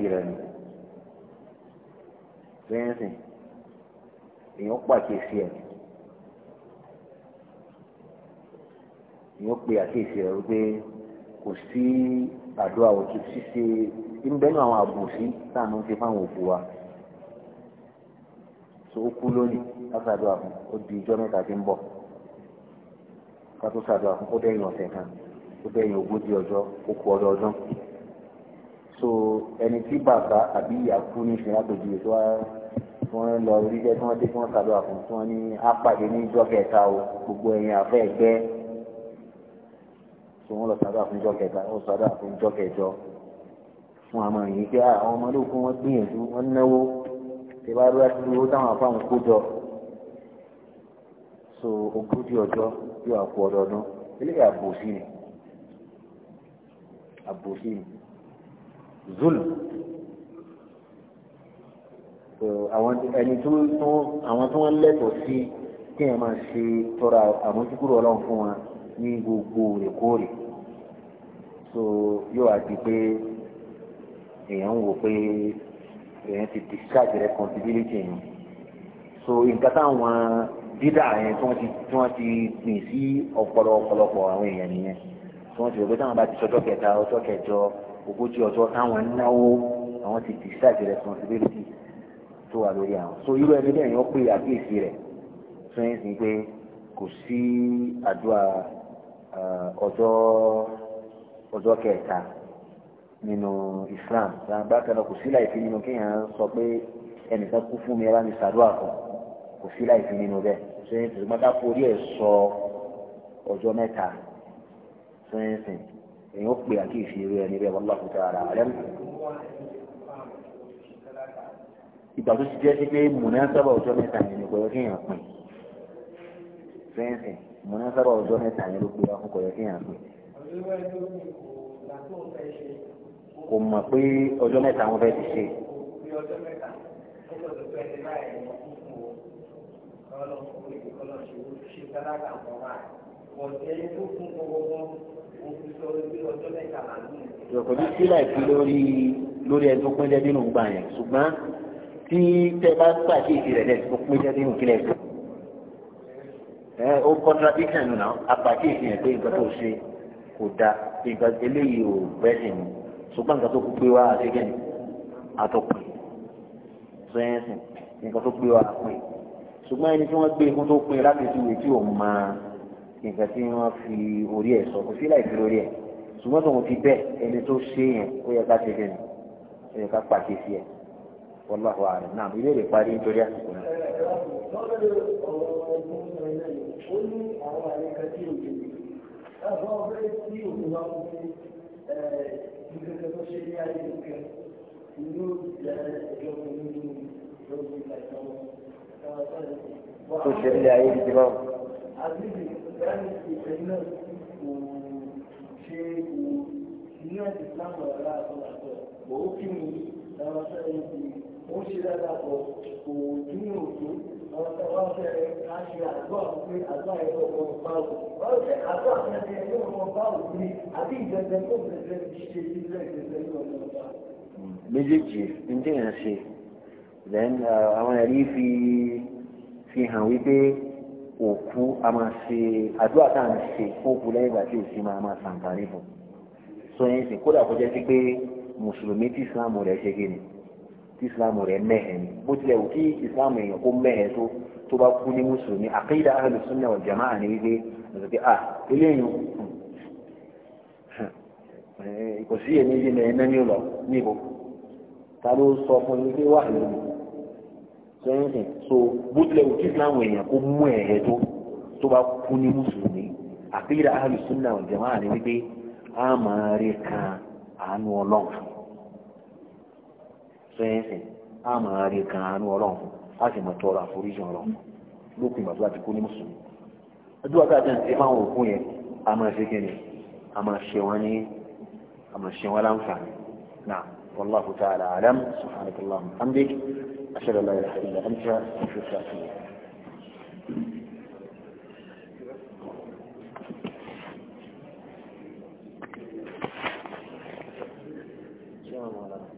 bẹ́ẹ̀ sìn èèyàn pàkíyèsí ẹ̀ èèyàn pe àkíyèsí ẹ̀ wípé kò sí àdúrà òtún ṣíṣe ìbẹ́nu àwọn àbòsí táàmù ń ṣe fáwọn òkú wa tó ó kú lónìí látàdúrà fún ó di ijọ́ mẹ́ta tí ń bọ̀ ká tó ṣàdúrà fún ó dẹ́yìn ọ̀sẹ̀ kan ó dẹ́yìn ogójì ọjọ́ ó kú ọdọọdún so ẹni tí bàbá àbí ìyá kú ní ìṣẹ́ látòjú ètò ara tí wọ́n lọ oríṣẹ́ tí wọ́n dé tí wọ́n ṣàdúrà fún tí wọ́n ní apàdé ní ìjọ kẹta o gbogbo ẹ̀yìn àfẹ́ ẹ̀gbẹ́ tí wọ́n lọ ṣàdúrà fún ìjọ kẹta ó ṣàdúrà fún ìjọ kẹjọ fún àmọ́ yìí pé ah, àwọn ọmọdé òkú wọn gbìyànjú wọn náwó tí bá rú ẹsẹ̀ owó táwọn afáwọn kó jọ so ogójì ọjọ́ yóò àpò ọdọọdún eléyìí àbòsí ni àbòsí ni zulm ẹni tó àwọn tó wọ́n lẹ́tọ̀ọ́ sí kí ẹ máa ṣe tọrọ àmójúkúrò ọlọ́run fún wọn ní gbogbo òrèkóòrè so yóò àti pé èèyàn ń wò pé èèyàn ti discharge responsibility yẹn so nǹkan táwọn dídà yẹn tí wọ́n ti tí wọ́n ti gbìn sí ọpọlọ ọ̀pọ̀lọpọ̀ àwọn èèyàn nìyẹn tí wọ́n ti rò pé táwọn bá ti sọjọ́ kẹta ọjọ́ kẹjọ ogójì ọjọ́ táwọn náwó àwọn ti discharge responsibility tó wà lórí àwọn so irú ẹni bẹ́ẹ̀ yẹn ó pè àkíyèsí rẹ̀ fún yín sí pé kò sí àdúrà ọjọ́ ọjọ́ kẹta nínú Islam bákan náà kò sí láìsí nínú kéèyàn sọ pé ẹnìkan kú fún mi ẹ bá mi ṣàdúrà kan kò sí láìsí nínú bẹ́ẹ̀ ṣé ṣùgbọ́n ká forí ẹ̀ sọ ọjọ́ mẹ́ta ṣé ń sìn èèyàn ó pè àkíyèsí irú ẹni bẹ́ẹ̀ wallahu ta'ala alam ìgbà tó ti jẹ́ sí pé mùnásábà ọjọ́ mẹ́ta yẹn ni kò yẹ kí èèyàn pín fẹ́ǹsì mùnásábà ọjọ́ mẹ́ta yẹn ló pe ọkùn kò yẹ kí èèyàn pín. kò mọ̀ pé ọjọ́ mẹ́ta wọn fẹ́ ti ṣe. Ìjọba ìdílé àìsí lórí lórí ẹni tó pín dẹ́bí nù gbà yẹn ṣùgbọ́n tí tẹ bá pàkíyèsí rẹ̀ lẹ́sìn tó pín jẹ́ nínú kílẹ̀ tó ẹ ó contradiction nù náà apàkíyèsí yẹn pé nǹkan tó ṣe kò dáa nǹkan eléyìí ò bẹ́sìn ni ṣùgbọ́n nǹkan tó kú pé wá àṣegẹ́ ni àtọ̀pẹ́ sẹ́yìnsì nǹkan tó pé wá pé ṣùgbọ́n ẹni tí wọ́n gbé ikú tó pé láti fi wé tí òun máa nǹkan tí wọ́n fi orí ẹ̀ sọ kò sí láì fi orí ẹ̀ ṣùgbọ́n tòun ti bẹ́ẹ̀ ẹni tó ṣe yẹn ó yẹ ká ṣe kẹ́ni ó yẹ ká pàkíyèsí ẹ̀ wallahu a'lam náà ìbéèrè parí nítorí àsìkò náà. tó ṣe ilé ayé ti bá wọn.
àbíbi ìgbàlè ìṣẹ̀lẹ̀ náà kò ṣe kò ní
àti sáwọn ọ̀la àtọ̀ àtọ̀ kò ó kí ni làwọn sọ̀rọ̀ yìí wọ́n ṣe dáadáa pọ̀ kò dúró òjò àwọn tí wọ́n fẹ́rẹ̀ á ṣe àdúrà pé àdúrà ẹ̀rọ ọmọ báwò báwo ṣe àdúrà fẹ́rẹ̀ ẹ̀rọ ọmọ báwò ni àbí ìjẹ̀jẹ̀ tó bẹ̀rẹ̀ ṣe ilé ìjẹ̀jẹ̀ ní ọmọ méjèèjì ń tẹ̀yàn ṣe then uh, àwọn ẹ̀rí fi fi hàn wípé òkú a máa ṣe àdúrà tá à ń ṣe fóòkú lẹ́yìn ìgbà tí òsì máa máa ṣàǹfààní fún sọ yẹn sì kódà kó jẹ́ sí pé mùsùlùmí tí ìsìláàmù rẹ̀ ṣe kí tí ìsìláàmù rẹ̀ mẹ́hẹ̀ ni bó tilẹ̀ wù kí ìsìláàmù èèyàn kó mẹ́hẹ̀ tó tó bá kú ní mùsùlùmí àkéyìdá ahlu sunna wal jamaa ni wípé ọ̀sẹ̀ pé ah eléyìí kò sí èmi yìí ní ẹ̀ná ní ò níbo ta ló sọ fún mi pé wà lónìí sẹ́yìn so bó tilẹ̀ wù kí ìsìláàmù èèyàn kó mú ẹ̀hẹ̀ tó tó bá kú ní mùsùlùmí àkéyìdá ahlu sunna wal jamaa ni wípé a máa rí kan àánú ọlọ́run sẹ́yìnsìn á máa rí kan àánú ọlọ́run á sì máa tọrọ àforíjì ọlọ́run lópin ìgbà tó bá ti kú ní mùsùlùmí ọdún àgbà tí a ti fáwọn òkú yẹn a máa ṣe kí a máa ṣe wọn ní a máa ṣe wọn láǹfààní náà wallahu ta'ala alam subhanaka allahumma hamdik ashhadu an la ilaha illa
Thank you.